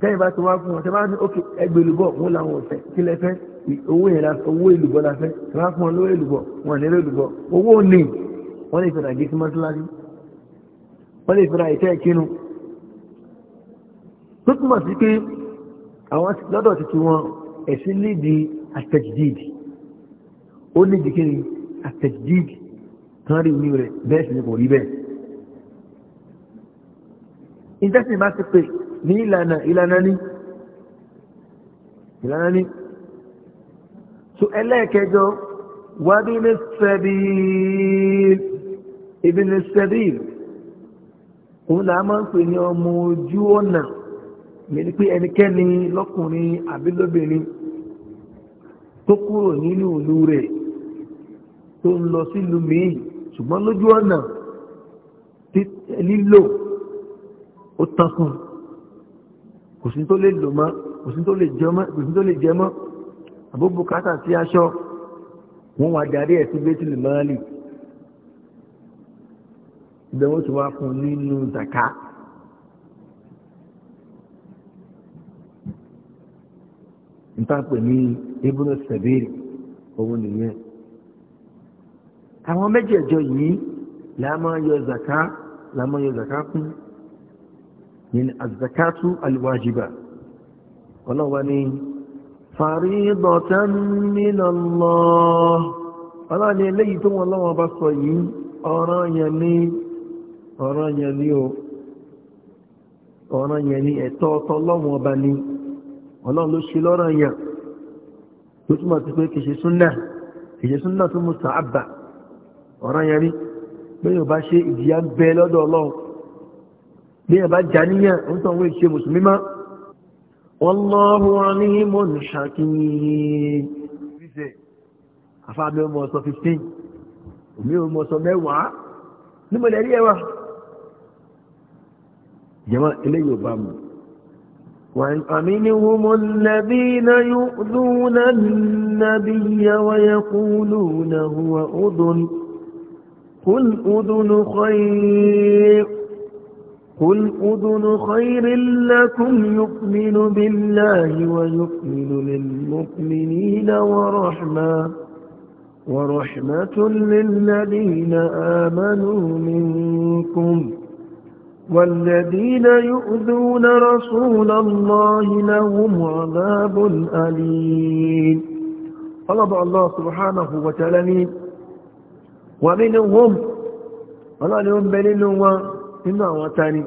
tẹ́yìn bá ti wá fún wọn tẹ́ bá ní ókè ẹgbẹ̀lúbọ̀ wọ́n làwọn ọ̀sẹ̀ kílẹ̀ fẹ́ owó yẹn owó èlùbọ́ la fẹ́ ráfún olówó èlùbọ́ wọn nílò èlùbọ́ owó ní wọ́n lè fẹ́ra gẹ́sí mọ́sílájú wọ́n lè fẹ́ra ìtẹ́ ìkínú tó túmọ̀ sí pé àwọn lọ́dọ̀ tuntun wọn ẹ̀sìn nídi àtẹ̀jìdìdì ó nídi kí ni àtẹ̀jìdìdì tán rí inú rẹ̀ bẹ́ẹ̀ sì ni kò rí bẹ́ẹ̀ ìjẹ́sìn bá ti pè ní ìlànà ìlànà ní ìlànà ní so ẹlẹ́ẹ̀kẹjọ wàbílẹ̀ sẹ́bíl ìbílẹ̀ sẹ́bíl òun là máa ń pè ní ọmọ ojú ọ̀nà mẹ́ni pé ẹnikẹ́ni lọ́kùnrin àbí lóbìnrin tó kúrò nínú ìlú rẹ̀ tó ń lọ sílùú míì ṣùgbọ́n lójú ọ̀nà lílò ó tankùn kò sí tó lè lò mọ́ kò sí tó lè jẹ mọ́ àbó bùkátà sí aṣọ wọ́n wá darí ẹ̀ sí bẹ́tìlì máàlì ibẹ̀ wọ́n ti wá fún nínú zaka nípa pè ní ibùdó sẹ̀bẹ̀rì òun nìyẹn àwọn mẹ́jẹ̀ẹ̀jọ yìí là máa yọ zaka là yọ zaka fún yẹn azakatu alwajiba ọlọ́wọ́ ni. فريضة من الله ọlọ́ni eléyìí tó wọn lọ́wọ́ bá sọ yìí ọ̀ranyàn ni ọ̀ranyàn ni o ọ̀ranyàn ni ẹ̀tọ́ ọ̀tọ́ lọ́wọ́ ọba ni ọlọ́run ló ṣe lọ́ranyàn tó túmọ̀ sí pé kìí súnà kìí súnà tó mú sàábà ọ̀ranyàn ni bí yóò bá ṣe ìdíyà ń bẹ lọ́dọ̀ ọlọ́run والله عليم حكيم àfáàmì ọmọ ọ̀sọ̀ 15 omi ọmọ ọ̀sọ̀ mẹ́wàá ní mọ̀lẹ̀ rí ẹwà jẹmọ́ eléyìí وإن أمنهم الذين يؤذون النبي ويقولون هو أذن قل أذن خير قل أذن خير لكم يؤمن بالله ويؤمن للمؤمنين ورحمة ورحمة للذين آمنوا منكم والذين يؤذون رسول الله لهم عذاب أليم طلب الله سبحانه وتعالى ومنهم الله لهم بلنوا nínú àwọn tani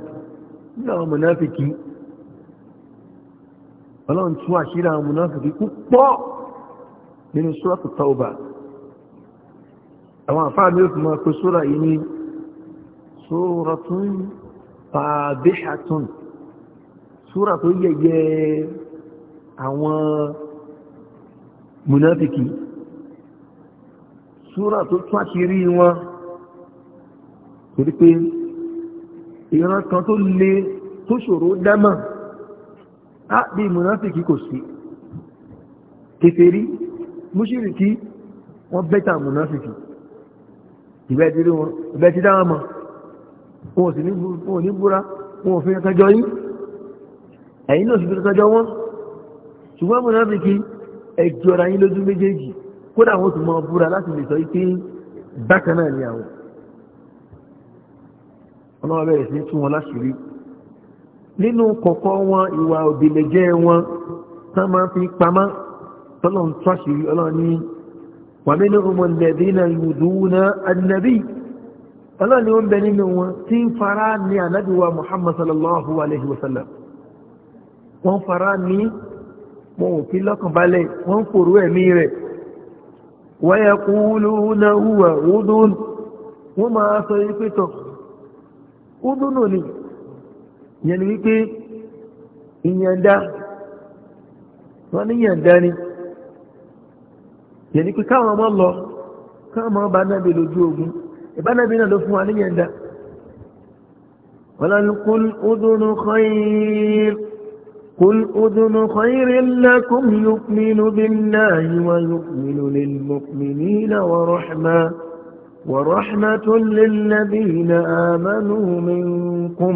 nínú àwọn mùnáfìkì ọlọ́run tún àṣírí àwọn mùnáfìkì púpọ̀ nínú sọ́ọ̀tù tọ́ọ̀bà àwọn àfáà mi ò fi máa pe sóra yìí ní sóra tún tó tún àṣírí wọn torí pé ìran kan tó le tó ṣòro dámà á bí mùnáfíkì kò sí kèfèrí mùṣírìkí wọ́n bẹ́tà mùnáfíkì ìbẹ́ ti dáwọn mọ̀ wọn ò sì ní búra wọn ò fi ẹ̀kọ́jọ́ yí ẹ̀yìn náà sì fi ẹ̀kọ́jọ́ wọn ṣùgbọ́n mùnáfíkì ẹjọ́ra yín lójú méjèèjì kódà wọn sì mọ búra láti lè sọ pé bákan ni àwọn ọlọ́wọ́ bẹ̀rẹ̀ sí tún wọn láṣìírí nínú kọ̀kọ́ wọn ìwà òdìlẹ̀jẹ́ wọn tán máa fi pamá tọ́lọ̀ ń tún àṣírí ọlọ́wọ́ ní wàmínú ọmọ ìlẹ̀dí na yuduna annabi ọlọ́wọ́ ó ń bẹ nínú wọn tí ń fara ní ànábì muhammad sallallahu alayhi wa sallam wọ́n fara ní wọn ò fi lọ́kàn wọ́n fòrò ẹ̀mí rẹ̀ wọ́n kúlù náà wúwa wọ́n máa sọ yí ó dúnà ní ìyẹn ni wípé ìyẹ̀ndá wọ́n ní ìyẹ̀ndá ni ìyẹn ni pé káwọn ọmọ lọ káwọn ọmọ bá náà bè lójú ogun ìbánábí náà ló fún wa níyẹ̀ndá wọ́n lọ́nà kún ó dúnà kọ́yìn قل أذن خير لكم يؤمن بالله ويؤمن للمؤمنين ورحمه ورحمة للذين آمنوا منكم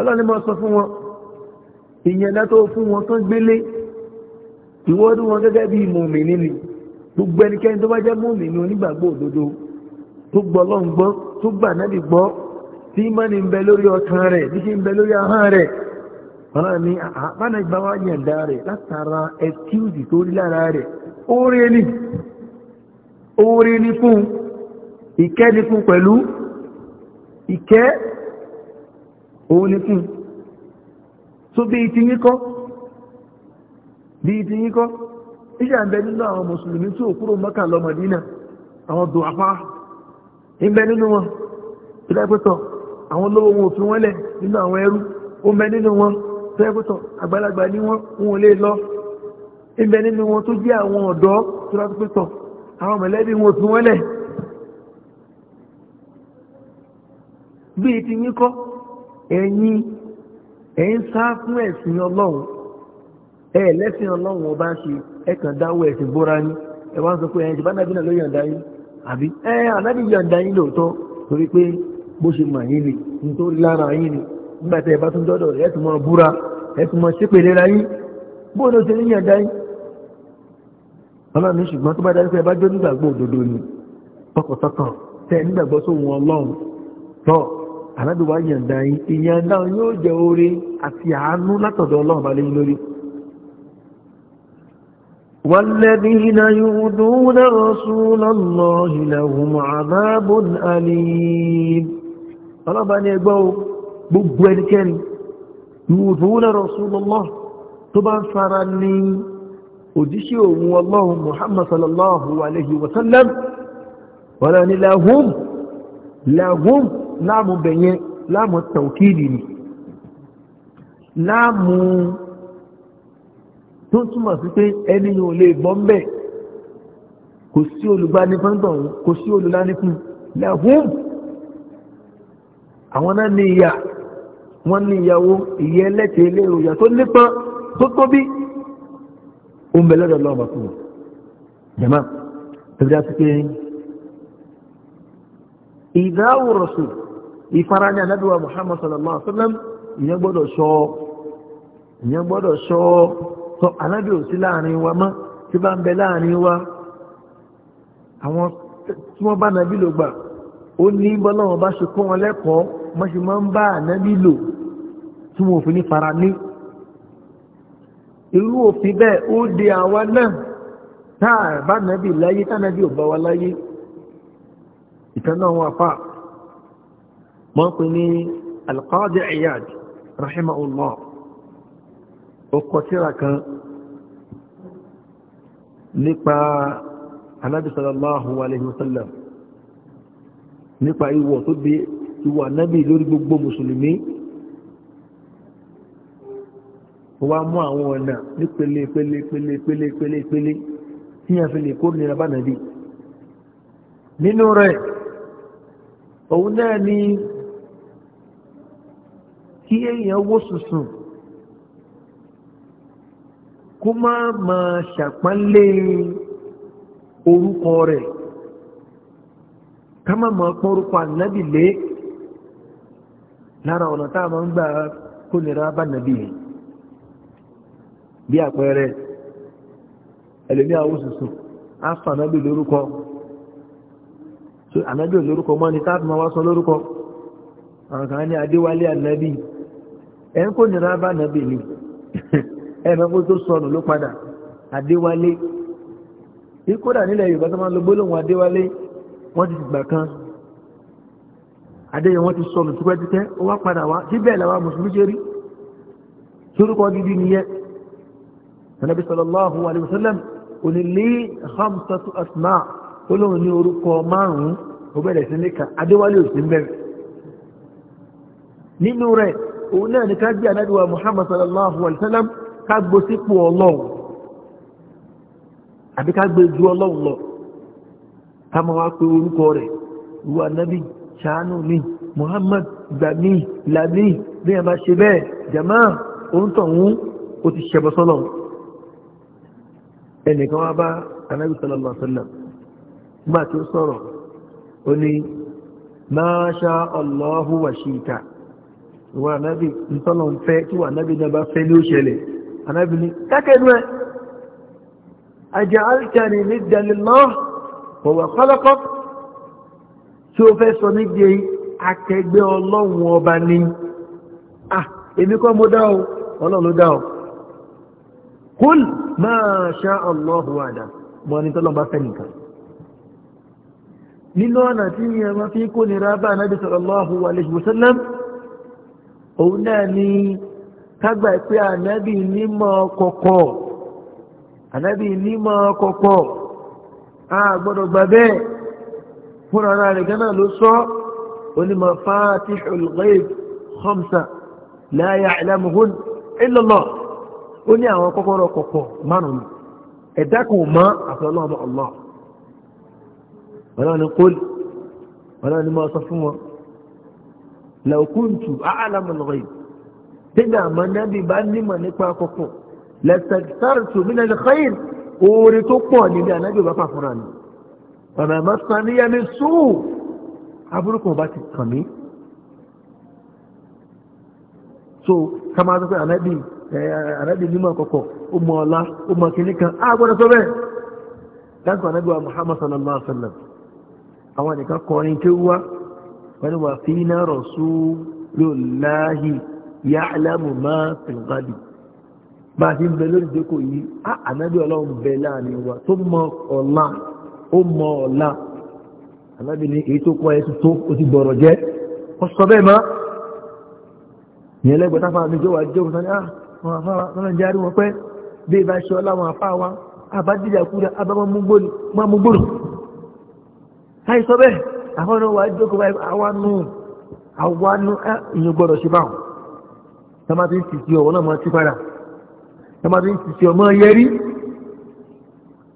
ọlọ́ni mọ́ sọ fún wọn ìyẹnlá tó fún wọn tán gbélé ìwọ́dún wọn gẹ́gẹ́ bí mùmìnì ni gbogbo ẹnikẹ́ni tó bá jẹ́ mùmìnì onígbàgbọ́ òdodo tó gbọ́ Ọlọ́run gbọ́ tó gbà náàbì gbọ́ tí mọ́ni ń bẹ lórí ọkàn rẹ̀ bí kí ń bẹ lórí ahọ́n rẹ̀ ọ̀rọ̀ ni àbánà ìgbà wá yẹ̀ǹda rẹ̀ látara ẹ̀kíùsì tó rí lára rẹ̀ ó rí ní fún un ìkẹ́ ni fún pẹ̀lú ìkẹ́ òun ni fún tó bí i ti yín kọ́ bí i ti yín kọ́ iṣẹ́ àbẹ nínú àwọn mùsùlùmí tí ò kúrò Mẹ́kà lọ Mádínà àwọn dùn afá ń bẹ nínú wọn ìdẹ́pẹ́tọ̀ àwọn olówó wọn ò fi wọ́n lẹ̀ nínú àwọn ẹrú ó mẹ́ nínú wọn tẹ́gbẹ́tọ̀ àgbàlagbà ní wọ́n wọn lè lọ ń bẹ nínú wọn tó jẹ́ àwọn ọ̀dọ́ tó àwọn mọ̀lẹ́bí wọn ò fi wọ́n lẹ̀ i ti yín kọ́ ẹ̀yin ẹ̀ fún ẹ̀sìn ọlọ́run ẹ̀ lẹ́sìn ọlọ́run ọba ṣe ẹ̀ dáwọ́ ẹ̀sìn bóra ní ẹ̀ ń sọ pé ẹ̀yìn náà ló yín àbí ẹ̀ ànábì yàn yín lóòótọ́ torí pé bó ṣe mà yín ni lára yín ni nígbà tí ẹ bá tún dọ́dọ̀ rẹ̀ búra yín bó ló ṣe ní yín ọlọ́run ànábìwá yànda yín ìyànda yóò jẹ oore àti àánú látọ̀dọ̀ ọlọ́run bá léyìn lórí. والذين يؤذون رسول الله لهم عذاب أليم ọlọ́ba ni ẹgbọ́ gbogbo ẹnikẹ́ni يؤذون رسول الله tó bá ń fara ní òjíṣẹ́ òun ọlọ́run Muhammad sallallahu alayhi wa sallam wọ́n ni lahum lahum láàmù bẹ̀yẹn láàmù tàùkìdì ni láàmù tó túmọ̀ sí pé ẹni yóò lè bọ́ ń bẹ̀ kò sí olùgbani fẹ́ntọ̀ kò sí olùlani fún lẹ́hùn àwọn náà ní ìyà wọ́n ní ìyàwó ìyẹ́ ẹlẹ́tẹ̀ẹ́ lé ìròyà tó nípọn tó tóbi òun bẹ̀lẹ́ lọ́dọ̀ lọ́wọ́ fún wọn jama tó bí dá sí pé ìdáwò ìfara ní anábíwá muhammad sallallahu alaihi wa sallam ìyẹn gbọ́dọ̀ sọ ìyẹn gbọ́dọ̀ sọ tọ́ anábí ò sí láàrin wa mọ́ tí bá ń bẹ láàrin wa àwọn tí wọ́n bá nàbí lò gbà ó ní bọ́lọ́wọ́n bá ṣe kọ́ wọn lẹ́kọ̀ọ́ wọ́n ṣe máa ń bá ànábí lò tí wọ́n fi ní fara ní irú òfin bẹ́ẹ̀ ó de àwa náà táà bá nàbí láyé tánàbí ò bá wa láyé ìtàn náà wọn àfáà wọ́n pè ní alqadi iyad rahimahullah ọkọ̀ tíra kan nípa anábi sallallahu alaihi wasallam nípa ìwọ̀ tó bí ìwọ̀ anábi lórí gbogbo musulmi wá mú àwọn ọ̀nà ní pele pele pele pele pele pele tí a fi lè kó nira bá nàbí nínú rẹ̀ òun náà ni kí èèyàn wó sùsùn kó má máa ṣàpánlé orúkọ rẹ̀ ká má máa pọ́n orúkọ ànábì lé lára ọ̀nà tá a máa ń gbà kó nira bá nàbì yìí bí àpẹẹrẹ ẹlẹ́ni àwọn sùsùn á fà ànábì lórúkọ ànábì lórúkọ mọ́ ni táàbì máa wá sọ lórúkọ àwọn kan ní adéwálé ànábì ẹ̀ ń kó nira bá nàbì ni ẹ̀ mẹ́kó tó sọnù ló padà adéwálé kódà nílẹ̀ yorùbá tó máa ń lo gbólóhùn adéwálé wọ́n ti gbà kan adéyẹ wọ́n ti sọnù tipẹ́tipẹ́ ó wá padà wá síbẹ̀ làwọn mùsùlùmí ṣe rí sórúkọ gidi nìyẹn nàbì sallallahu alayhi wa sallam onílé hamsatu asma olóhùn ní orúkọ márùn-ún ó bẹ̀rẹ̀ sí ní ka adéwálé ò sí ń bẹ̀rẹ̀ nínú rẹ̀ òun náà ni ká gbé ànábì wa muhammad sallallahu alayhi wa sallam ká gbó sípò ọlọ́run àbí ká gbé ju ọlọ́run lọ ká máa wá pé orúkọ rẹ̀ ìwà ànábì ṣàánú mi muhammad gbàmí làmí bí a máa ṣe bẹ́ẹ̀ jama òun tọ̀hún ti ṣẹbọ sọ́lọ̀ ẹnìkan wá bá ànábì sallallahu alayhi wa sallam gbà tó sọ̀rọ̀ ó ní máa ṣá ọlọ́hu wà ṣíta ìwọ ànábì ìtọ́nà ń fẹ́ tí wà ànábì náà bá fẹ́ ní ó ṣẹlẹ̀ ànábì ní kákẹ́nu ẹ̀ aja'altani niddan lillah wa huwa khalaqak tí ó fẹ́ sọ nídìí akẹgbẹ́ ọlọ́run ọba ni ah èmi kọ́ mo dá o ọlọ́run ló dá o kúl ma sha Allahu ní òun náà ni kágbà pé ànábì nímọ̀ kọ̀kọ̀ ànábì nímọ̀ kọ̀kọ̀ a gbọ́dọ̀ gbà bẹ́ẹ̀ fúnra ara rẹ̀ gánà ló sọ onímọ̀ fatihul ghaib khamsa la ya'lamuhun illa Allah ó ní àwọn kọ́kọ́rọ́ kọ̀kọ̀ márùn-ún ẹ̀dá kan mọ́ àfọlọ́ọ̀bọ̀ Allah ọlọ́run kólì ọlọ́run ni mo sọ fún wọn lẹ́kùntù àálàmùlọ́yì tẹ́gbà àmọ́ nábì bá nímọ̀ nípa kọ̀kọ̀ lẹ́sẹ̀kítàrìtù mí lẹ́nu xẹ́yìn oore tó pọ̀ níbi ànábì bá fàfúnra mi ọ̀nà àmọ́ saníyàmí sùn aburúkọ bá ti kàn mí. so kama sọ pé ànábì ànábì nímọ̀ kọ̀kọ̀ ó mọ ọlá ó mọ kìnnìkan á gbọ́dọ̀ sọ bẹ́ẹ̀ dáńtọ̀ ànábì wa Muhammad sallallahu alaihi wa sallam àwọn nìkan kọrin kéwú wọ́n ni wà fi iná rasulullahi ya'lamu ma fil ghadi bá a ti ń bẹ lórí ìdókò yìí á ànábì ọlọ́run bẹ láàrin wa tó mọ ọ̀la ó mọ ọ̀la ànábì ní èyí tó kọ́ ẹ tó ó ti gbọ̀rọ̀ jẹ́ ó sọ bẹ́ẹ̀ mọ́ ìyẹn lẹ́gbẹ̀ẹ́ táfà mi jọ wà jẹ́ òun sani ah, àwọn afá wa lọ́nà jẹ́ àríwọ̀n pẹ́ bí ìbá ṣe ọlá àwọn afá wa àbá dídà kúrẹ́ abá máa mú gbòòrò láì sọ bẹ́ẹ̀ àwọn ọ̀nà wà jókòó báyìí àwa nù àwa nù ìyẹn gbọ́dọ̀ ṣe báwọn tọ́mà tó ń ti ti ọ̀wọ́ náà mọ́ sí padà tọ́mà tó ń ti ti ọmọ yẹrí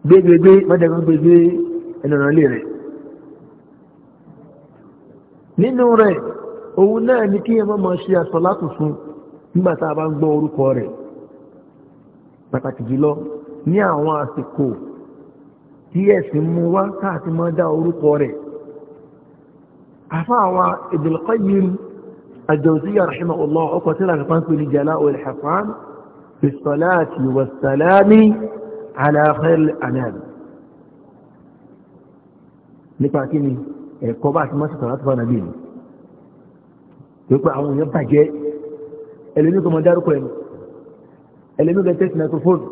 gbégbégbé mọ́jẹ̀gbọ́n gbégbé ẹnìyàn lè rẹ̀ nínú rẹ̀ òun náà ní kí ẹmọ́ mọ́ ṣe aṣọ látùsùn nígbà tá a bá ń gbọ́ orúkọ rẹ̀ pàtàkì jùlọ ní àwọn àsìkò tí ẹ̀sìn mú wá káàtì mọ́ dá orúkọ rẹ̀ حفاوة ابن القيم الجوزية رحمه الله عقوة لك تنكو لجلاء الحصان في الصلاة والسلام على خير الأنام لكني كوبا ما ستغطفا نبيل يقول عمون يبتع جاء اللي نيكو من داركو اللي نيكو تسنا تفوض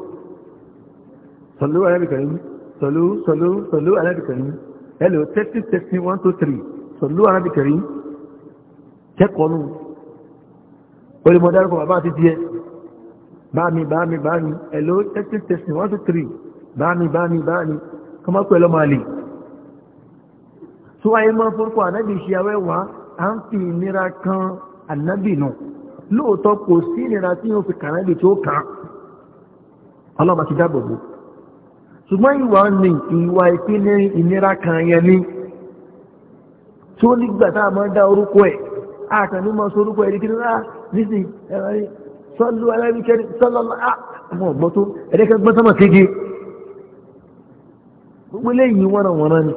صلوا على بكرم صلوا صلوا صلوا على بكرم هلو تسنا تسنا 1 2 3 sọ̀lú àrábì kẹrí kẹ́kọ̀ọ́ nù orí mọ̀ dárúkọ bàbá àti díẹ̀ báàmì báàmì báàmì ẹ̀lò testing three báàmì báàmì báàmì kọ́mọ́ pẹ̀lú ọmọ àlè tó ayé máa forúkọ ànábì ṣe awẹ́wà á ń fi ìnira kan ànábì nù lóòótọ́ kò sí ìnira tí yóò fi kànábì tó kàn ọlọ́mọ ti dáàbò ṣùgbọ́n ìwà ni ìwà ìpínlẹ̀ ìnira kan yẹn ni tí ó nígbà tá a máa ń dá orúkọ ẹ̀ àtàní máa sọ orúkọ ẹ̀ kí ní nísìn ẹ̀rọ ni sọ́lú aláìníkẹ́ni sọ́lọ́lá àwọn ọ̀gbọ́n tó ẹ̀dẹ́kẹ́ gbọ́n sọ́mọ̀ kéje gbogbo eléyìí wọ́nà wọ́nà ni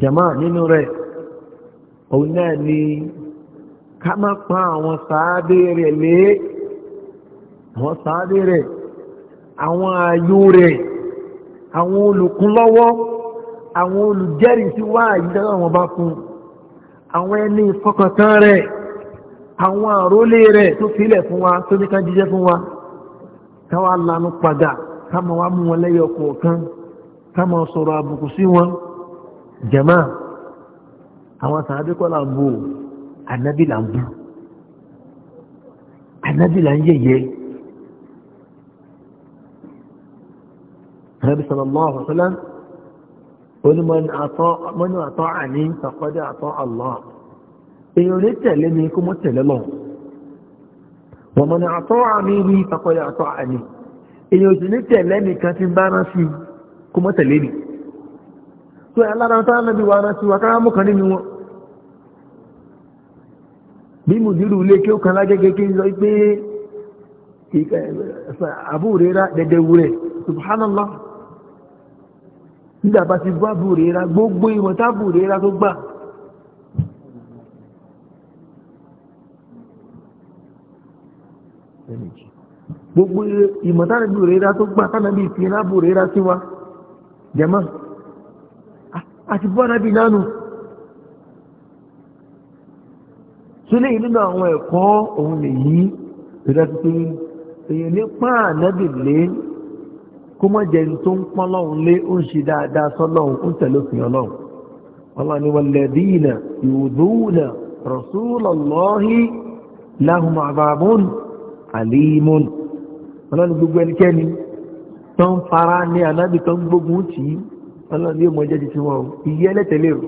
jama nínú rẹ̀ òun náà ni ká má pa àwọn sáábé rẹ̀ lé àwọn sáábé rẹ̀ àwọn ààyò rẹ̀ àwọn olùkúnlọ́wọ́ àwọn olùjẹ́rìí sí wá àyíkára wọn bá fún àwọn ẹni ìfọkàntán rẹ̀ àwọn àrólé rẹ̀ tó filẹ̀ fún wa tó ní ká jíjẹ́ fún wa káwa lanu padà káma wa mú wọn lẹ́yọ kọ̀ọ̀kan káma sọ̀rọ̀ àbùkù sí wọn jẹ̀má àwọn sàádékọ́ bò ànábì ń bù onímọ̀nà àtọ́ àní fàkọ́dé àtọ́ Allah èèyàn lè tẹ̀lé mi kó mọ́ tẹ̀lé lọ wọ́n mọ̀nà àtọ́ àmì rí fàkọ́dé àtọ́ àní èèyàn sì ní tẹ̀lé mi kan ti bá rán sí kó mọ́ tẹ̀lé mi tó ẹ alára tó wa rán nígbà bá ti bá bùrẹ́ra gbogbo ìwọ̀n tá bùrẹ́ra tó gbà gbogbo ìmọ̀tánà bùrẹ́ra tó gbà tánàbí ìfìyànà bùrẹ́ra sí wa jẹ́mọ́ àti bọ́nàbí nánú sílé nínú àwọn ẹ̀kọ́ òun lè yí ìrẹsìtì èèyàn ní pàànàbì lé kó mọ́ jẹ́ tó ń pọ́n lọ́hùn lé ó ń ṣe dáadáa sọ́lọ́hùn ó ń tẹ̀lé òfin ọlọ́hùn Allah ni walladhina yu'dhuna rasulallahi lahum adhabun alimun Allah ni gbogbo ẹnikẹ́ni tó ń fara ní anábì tó ń gbógun tì í Allah ni èèmọ̀ jẹ́ titi wọn ìyẹ́ ẹlẹ́tẹ̀lé rò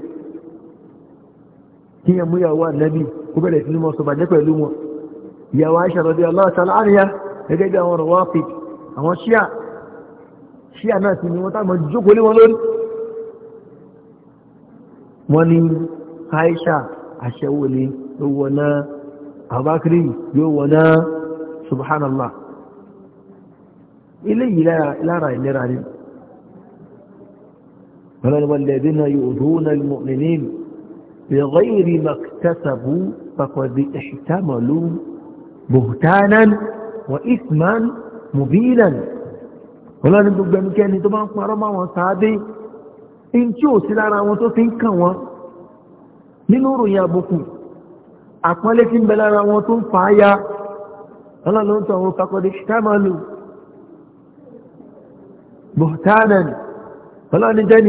kí ẹ ìyàwó anábì kó bẹ̀rẹ̀ sí ní mọ́ sọ̀bàjẹ́ pẹ̀lú wọn ìyàwó Aisha radiyallahu ta'ala anha gẹ́gẹ́ bí àwọn ọ̀rọ̀ wá fi àwọn ṣíà ṣíà náà sì ni wọ́n táwọn jókòó lé wọn lórí wọ́n ní Aisha aṣẹ́wó ni ló wọ náà Abubakari yóò wọ náà subhanallah ilé yìí lára ìlera ni wọ́n lẹ́dínà yóò dúró náà mu'minin بغير ما اكتسبوا فقد احتملوا بهتانا وإثما مبينا ọlọ́ni gbogbo ẹnikẹ́ni tó bá ń parọ́ máa wọn sáadé in tí ò sí lára wọn tó fi ń wọn nínú àbùkù àpọ́nlé tí ń bẹ lára wọn tó ń ya ọlọ́ni ń tọ́ àwọn kakọ́dé jẹ́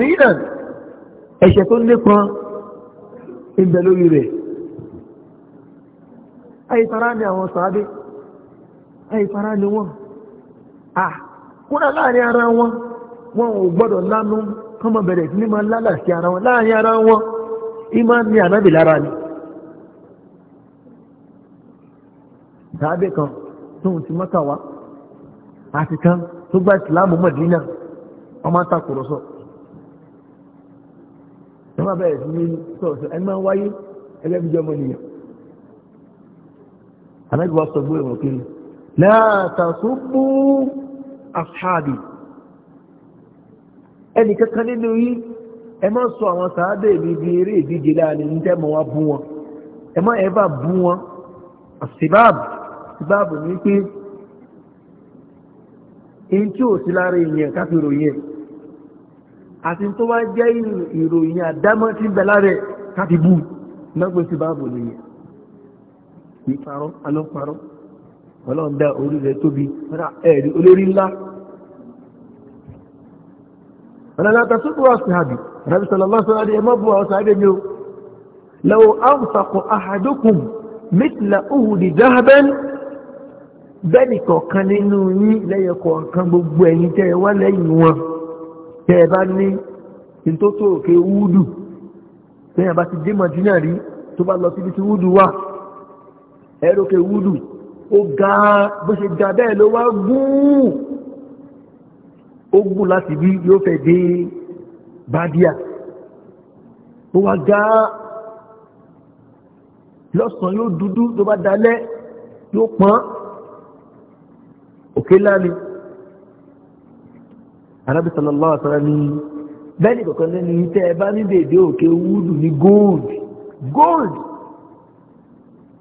ní ṣe ẹ̀ṣẹ̀ tó nípọn ìbẹ̀ lórí rẹ̀ àìfara ní àwọn sàábé àìfara ni wọn ah kúrò láàrin ara wọn wọn ò gbọ́dọ̀ lánú kọmọ bẹ̀rẹ̀ ní ma lálà sí ara wọn láàrin ara wọn ìmá ní ànábì lára ni sàábé kan tóun ti mọ́ta wá àti kan tó gba ìsìlámù Mádínà ọmọ àtàkùrọ̀sọ wọ́n bá bẹ̀rẹ̀ sí ní sọ̀rọ̀ ẹni máa ń wáyé ẹgbẹ́ bí jọmọ nìyàn anájú wa sọ gbóyè wọn kiri láàtàsúbú àfáàbì ẹnì kankan nínú yìí ẹ má sọ àwọn sàádé mi bí eré ìdíje láàrin ní tẹ́ mọ́ wá bú wọn ẹ má ẹ bá bú wọn àṣìbáàbù àṣìbáàbù ní pé èyí tí ò sí lára ìyẹn káfíìrò yẹn àti tó wá jẹ́ ìròyìn àdámọ́ tí ń bẹ lára na bú lọ́gbọ́n sí báàbò nìyẹn ìparọ́ alọ́parọ́ ọlọ́run orí rẹ̀ tóbi ẹ̀rí olórí ńlá ọ̀nà àtàsókò àṣìhàbì kọ̀ọ̀kan nínú gbogbo tẹ́ ẹ bá ní kí n tó tó òkè wúdù tẹ́yìn bá ti dé Mádínà rí tó bá lọ síbi tí wúdù wà ẹ̀rọ̀kè wúdù ó ga bó ṣe ga bẹ́ẹ̀ ló wá gùn ó gùn láti bí yóò fẹ́ dé bádíà ó wá ga lọ́sàn-án yóò dúdú tó bá dalẹ̀ yóò pọ́n òkè lánìí anábì sallallahu alaihi wasallam ní bẹ́ẹ̀ni kọ̀kan lẹ́ni tẹ́ ẹ bá ní dèdè òkè wúdù ní gold gold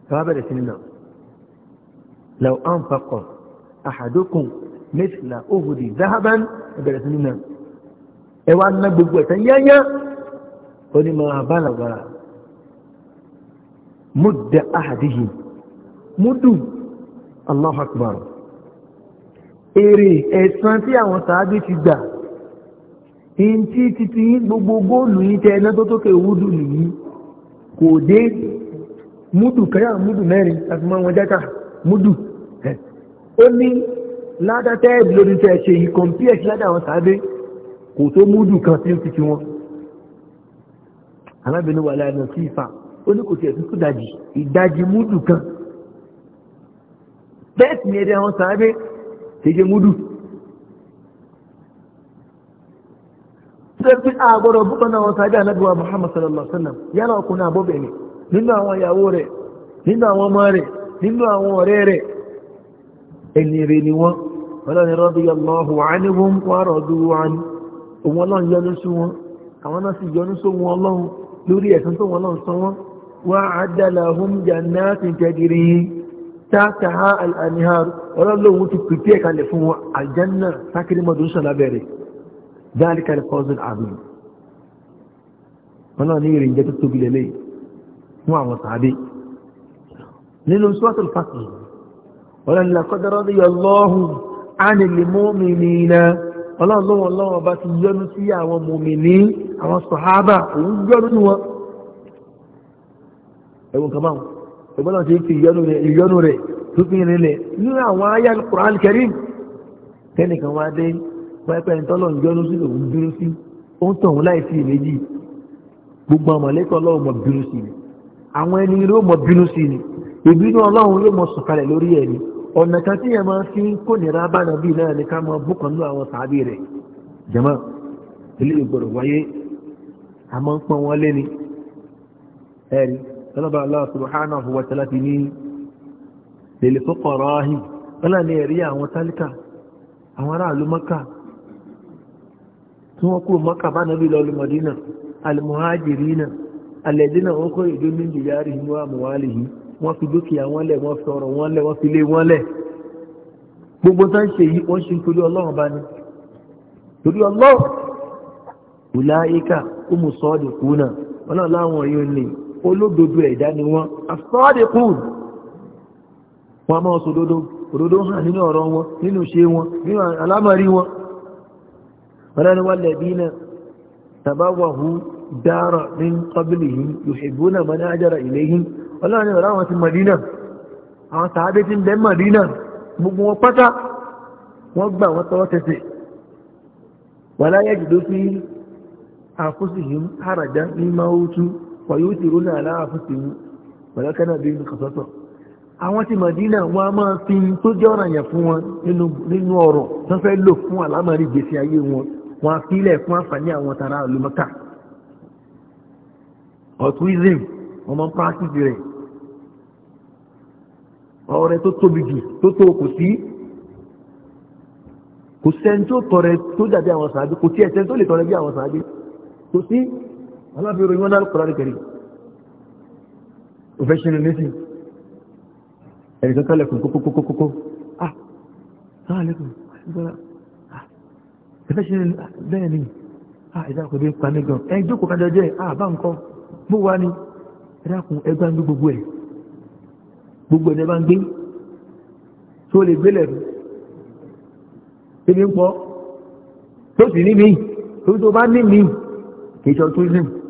ẹ wá bẹ̀rẹ̀ sí ní lọ law anfaqa ahadukum mithla uhudi zahaban ẹ bẹ̀rẹ̀ sí ní ẹ wá ná gbogbo ẹ̀tàn yányá ó ní máa bá làwà mudda ahadihim mudu Allahu akbar èrè ẹ̀san tí àwọn sàábì ti gbà in tí títí gbogbo góòlù yìí tẹ ẹ̀nà tó tókè wúdù nìyí kò dé múdù kẹyà múdù mẹ́rin àti mọ́ wọn jákà múdù ó ní ládá tẹ́ẹ̀bì lórí tẹ́ ṣe yìí kọ̀m̀píẹ̀sì ládá àwọn sàábì kò tó múdù kan tí ti ti wọn alábìnrin wà láàrin sí ìfà ó ní kò tiẹ̀ tó dájì ìdájì múdù kan bẹ́ẹ̀ sì ni ẹ̀rẹ́ àwọn sàábì kéje múdù sẹ́fí àgbọ̀rọ̀ púpọ̀ náà wọn tàbí anábíwá Muhammad sallallahu alaihi wasallam yálà ọkùnrin àbọ̀bẹ̀ ni nínú àwọn ìyàwó rẹ̀ nínú àwọn ọmọ rẹ̀ nínú àwọn ọ̀rẹ́ rẹ̀ ẹni rẹ̀ ni wọ́n ọlọ́ni radiyallahu anhum wa radu anhu òun ọlọ́run yọ́nú sí wọn àwọn náà sì yọ́nú sóhun ọlọ́run lórí ẹ̀sán tó wọn náà wa tata ha al'aniharu ọlọ́lọ́wọ́ ti pèpè kalẹ̀ fún wọn aljanna takirimadun salabere dalika alfawzul azim wọn náà ní ìrìn jẹ́ tó tóbi lẹ́lẹ́ fún àwọn sàádé nínú sọ́tọ̀ fásitì ọlọ́run lakọ́dọ̀rọ̀ ní ọlọ́hun ánìlì mọ́mìnira ọlọ́run ọlọ́run bá ti yọ́nú sí àwọn mọ́mìnì àwọn sọ̀hábà òun yọ́nú wọn ẹ̀wọ̀n kan ìgbọ́nà tí fi ìyọnu rẹ̀ tó fi rinlẹ̀ ní àwọn ayá Qur'an Karim tẹ́nìkan wá dé pẹ́pẹ́ ìtọ́lọ̀ ìyọnu sí òun dúró sí ó ń tọ̀hún láì sí ìméjì gbogbo àmọ̀lẹ́kọ̀ ọlọ́run mọ̀ bínú sí ni àwọn ẹni ló mọ̀ bínú sí ni ìbínú ọlọ́run ló mọ̀ sọ̀kalẹ̀ lórí ẹni ọ̀nà kan tí yẹn máa fi ń kó nira bá nàbí náà ni ká mọ bùkàn ní àwọn tàbí rẹ̀ jẹ́mọ́ ilé ìgbọ̀rọ̀ wáyé àmọ́ ń pọ́n wọn lé ni ẹ̀rí tọ́lọ́bà Allah subhanahu wa ta'ala ní lèlè fuqara'i wọ́n ní ẹ̀rí àwọn tálíkà àwọn aráàlú mọ́kà tí wọ́n kúrò mọ́kà bá nàbí lọ́lù Madina al-muhajirina alladhina ukhrijū min diyārihim wa amwālihim wọ́n fi dúkìá wọn lẹ̀ wọ́n fi ọrọ̀ wọn lẹ̀ wọ́n fi lé wọn lẹ̀ gbogbo tá ń ṣe yìí wọ́n ṣe torí ọlọ́run bá ní torí ọlọ́run ulaika humus-sādiqūna ọlọ́run láwọn yóò ní olódodo ẹ̀dá ni wọ́n as-sadiqun wọ́n máa sọ òdodo òdodo hàn nínú ọ̀rọ̀ wọn nínú ṣe wọn nínú alámọ̀rí wọn ọ̀rẹ́ni wọ́n lẹ̀bí náà tàbáwàhú dára ní qablihim yuhibbuna man hajara ilayhim ọlọ́rin ọ̀rá wọn ti Madina àwọn sàábé ti ń bẹ gbogbo wọn pátá wọ́n gbà wọ́n tọwọ́ tẹsẹ̀ wala yajidu fi anfusihim harajan mimma utu ويؤثرون على أنفسهم ولو كان بهم خصاصة àwọn tí Madina wọn a máa fi tó jẹ́ ọ̀ràn yẹn fún wọn nínú ọ̀rọ̀ tó fẹ́ lò fún àlámọ̀rí gbèsè ayé wọn wọn a fílẹ̀ fún àǹfààní àwọn tara olùmọ́ta altruism wọn máa ń pàṣípì rẹ̀ ọ̀rẹ́ tó tóbi jù tó tó kò sí kò sẹ́ni tó tọrẹ tó dàbí àwọn sàájú kò tí ẹ̀sẹ̀ tó lè tọrẹ bí àwọn sàájú kò sí aláfi ròyìn wọn lálùkọ́ láti kẹrì òfẹ́ ṣe nílé sí ẹ̀rì tó kálẹ̀ fún kókókókókó ah sáà lẹ́kùn gbọ́dọ̀ ah ẹ̀fẹ́ ṣe nílé ah, bẹ́ẹ̀ ni ah ìdákùn bí pa mí gan ẹ̀ jókòó kájọ jẹ́ ah bá nǹkan bó wá ni ẹ̀dákùn ẹgbẹ́ ń gbé gbogbo ẹ̀ gbogbo ẹ̀ bá ń gbé tó lè gbélẹ̀ fún ebi ń pọ̀ tó sì ní mi torí tó bá ní mi kì í ṣe ọtún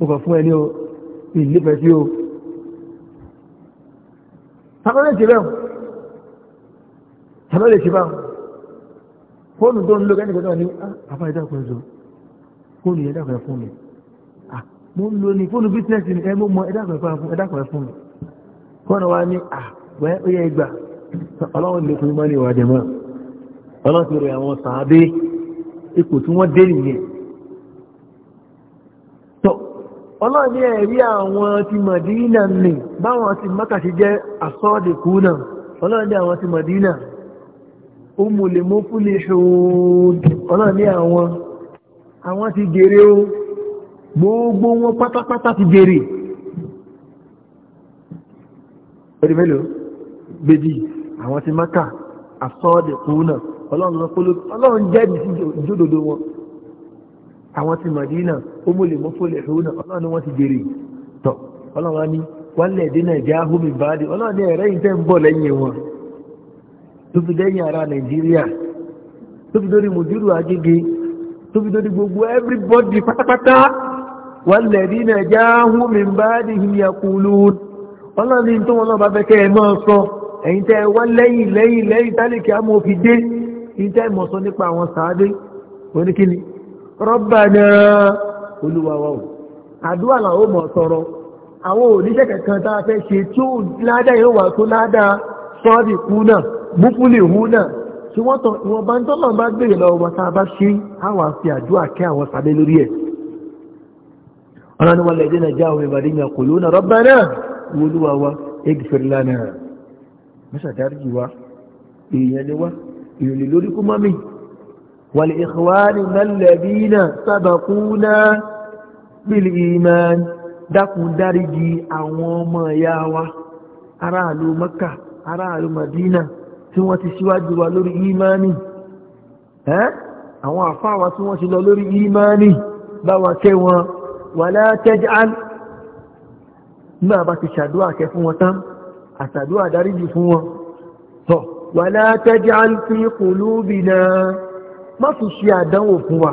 mo kàn fún ẹni o ìlífẹ̀ẹ́ sí o tàbí lè ṣe bẹ́ẹ̀ tàbí lè ṣe báwọn fóònù tó ń lo kẹ́ni kẹ́ni ní ah, àbá ìdákùn ẹ̀zọ́ fóònù yẹn dákùn ẹ̀ fún mi ah, mo ń lo ní fóònù bísínẹ́sì ní ẹmú mọ ẹ̀dákùn ẹ̀ fún mi kọ́nà wa ní àwẹ́ ah, ó yẹ gbà ọlọ́run lè fún mọ́ ní ìwà jẹ̀mọ́ ọlọ́run ti rẹ̀ àwọn sàábé ipò tí wọ́n dé nìyẹn ọlọ́run ní ẹ̀rí àwọn ti mọ̀dínà nì báwọn ti mọ́kà sí jẹ́ àsọ́ọ̀dẹ̀kú náà ọlọ́run ní àwọn ti mọ̀dínà ó múlè mú fúlé ṣòódì ọlọ́run ní àwọn àwọn ti gèrè ó gbogbo wọn pátápátá ti gèrè ẹ̀rí mélòó gbèdì àwọn ti mọ́kà àsọ́ọ̀dẹ̀kú náà ọlọ́run jẹ́ ìdí sí ìjódòdó wọn àwọn ti Madina ó mú lè mú fólè ìhú náà ọlọ́run ni wọ́n ti jèrè tọ̀ ọlọ́run ni wọ́n lè dínà ìjà ahómi báàdì ọlọ́run ni ẹ̀rẹ́ yìí tẹ́ ń bọ̀ lẹ́yìn wọn tó fi dẹ́yìn ara Nàìjíríà tó fi dórí mùdírù Agége tó fi dórí gbogbo everybody pátápátá wọ́n lè dínà ìjà ahómi báàdì ìyàkùlù ọlọ́run ni tó wọn náà bá fẹ́ kẹ́ ẹ máa sọ ẹ̀yin tẹ́ wá lẹ́yìn lẹ́yìn lẹ́yìn tálíkì Rabbana olúwa wa o àdúrà làwọn ò mọ̀ sọ̀rọ̀ àwọn oníṣẹ́ kankan tá a fẹ́ ṣe tí ó ládá yóò wà tó ládá sọ́ọ̀dì kú náà múkúlì hú náà tí wọ́n tọ̀ ìwọ̀n bá ń tọ́lọ̀ bá gbèrè lọ wọn tá a bá ṣe àwọn àfi àdúrà kẹ́ àwọn sàbẹ́ lórí ẹ̀ ọ̀nà ni wọ́n lè dínà والإخواننا الذين سبقونا بالإيمان dákun dáríjì àwọn ọmọ ìyá wa aráàlú Mẹ́kà aráàlú Madina tí wọ́n ti síwájú wa lórí ìmáni ẹ́ àwọn àfáwà tí wọ́n ti lọ lórí ìmáni bá wa kẹ́ wọn wala taj'al nígbà bá ti ṣàdúwà kẹ́ fún wọn tán àṣàdúwà dáríjì fún wọn tọ́ wala taj'al fi qulubina má tún ṣe àdánwò fún wa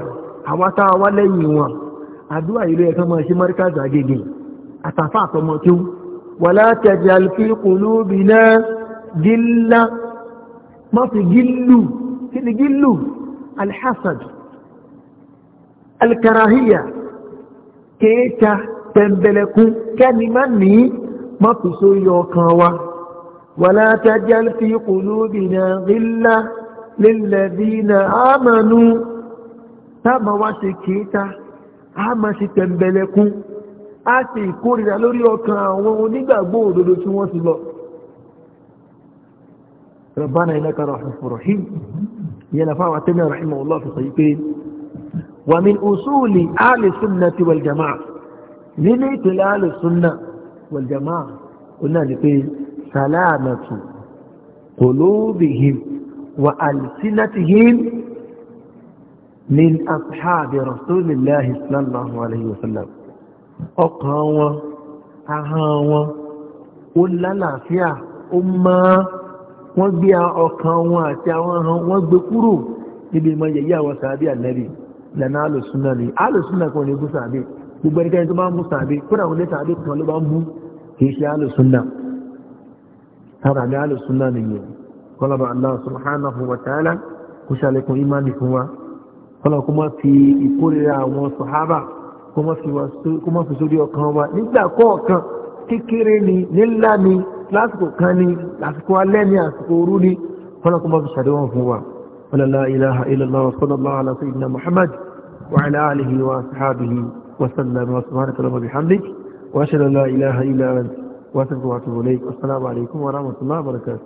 àwọn tá a wá lẹ́yìn wọn àdúrà ìlú ẹ̀ka máa ṣe mọ́ríkàzà gègé àtàfà àtọmọ tí ó wala tajal fi qulubina gílá má fi gílù kí ni gílù alhassad alkarahiya kéèta tẹ̀m̀bẹ̀lẹ̀kún kẹ́ni má ní má fi sórí ọkàn wa wala tajal fi qulubina gílá lilladhina amanu táàmà wá ṣe kéèta a máa ṣe tẹ̀m̀bẹ̀lẹ̀kún a ṣe ìkórìíra lórí ọkàn àwọn onígbàgbọ́ òdodo tí wọ́n ti lọ rabbana innaka rahmanur rahim yẹn lafa àwọn atẹ́mẹ́ sọ وألسنتهم من أصحاب رسول الله صلى الله عليه وسلم أقوى أهوى قل لا فيها أمة wọ́n gbé ọkàn wọn àti àwọn ọ̀hàn wọ́n gbé kúrò níbi ìmọ̀ yẹ̀yí àwọn sàábí ànẹ́bì lẹ́nà alòsúnà ni alòsúnà kan ní bú sàábí gbogbo ẹnikẹ́ni tó bá ń bú sàábí kúrò àwọn ilé sàábí kan ló bá ń bú kìí ṣe alòsúnà tàbí alòsúnà nìyẹn kọ́lọ́bà Allah subhanahu wa ta'ala kó ṣàlékún imani fún wa kọ́lọ̀ kó má fi ìkórira àwọn sàhábà kó má fi sórí ọkàn wa nígbà kọ̀ọ̀kan kékeré ni nílá ni lásìkò kan ni lásìkò alẹ́ ni àsìkò òru ni kọ́lọ̀ kó má fi ṣàdéwọ̀n fún wa la ilaha illallah wa sallallahu ala sayyidina Muhammad wa ala alihi wa sahbihi wa sallam wa subhanaka wa bihamdik wa ashhadu an la ilaha illa wa astaghfiruka wa atubu ilayk assalamu wa rahmatullahi barakatuh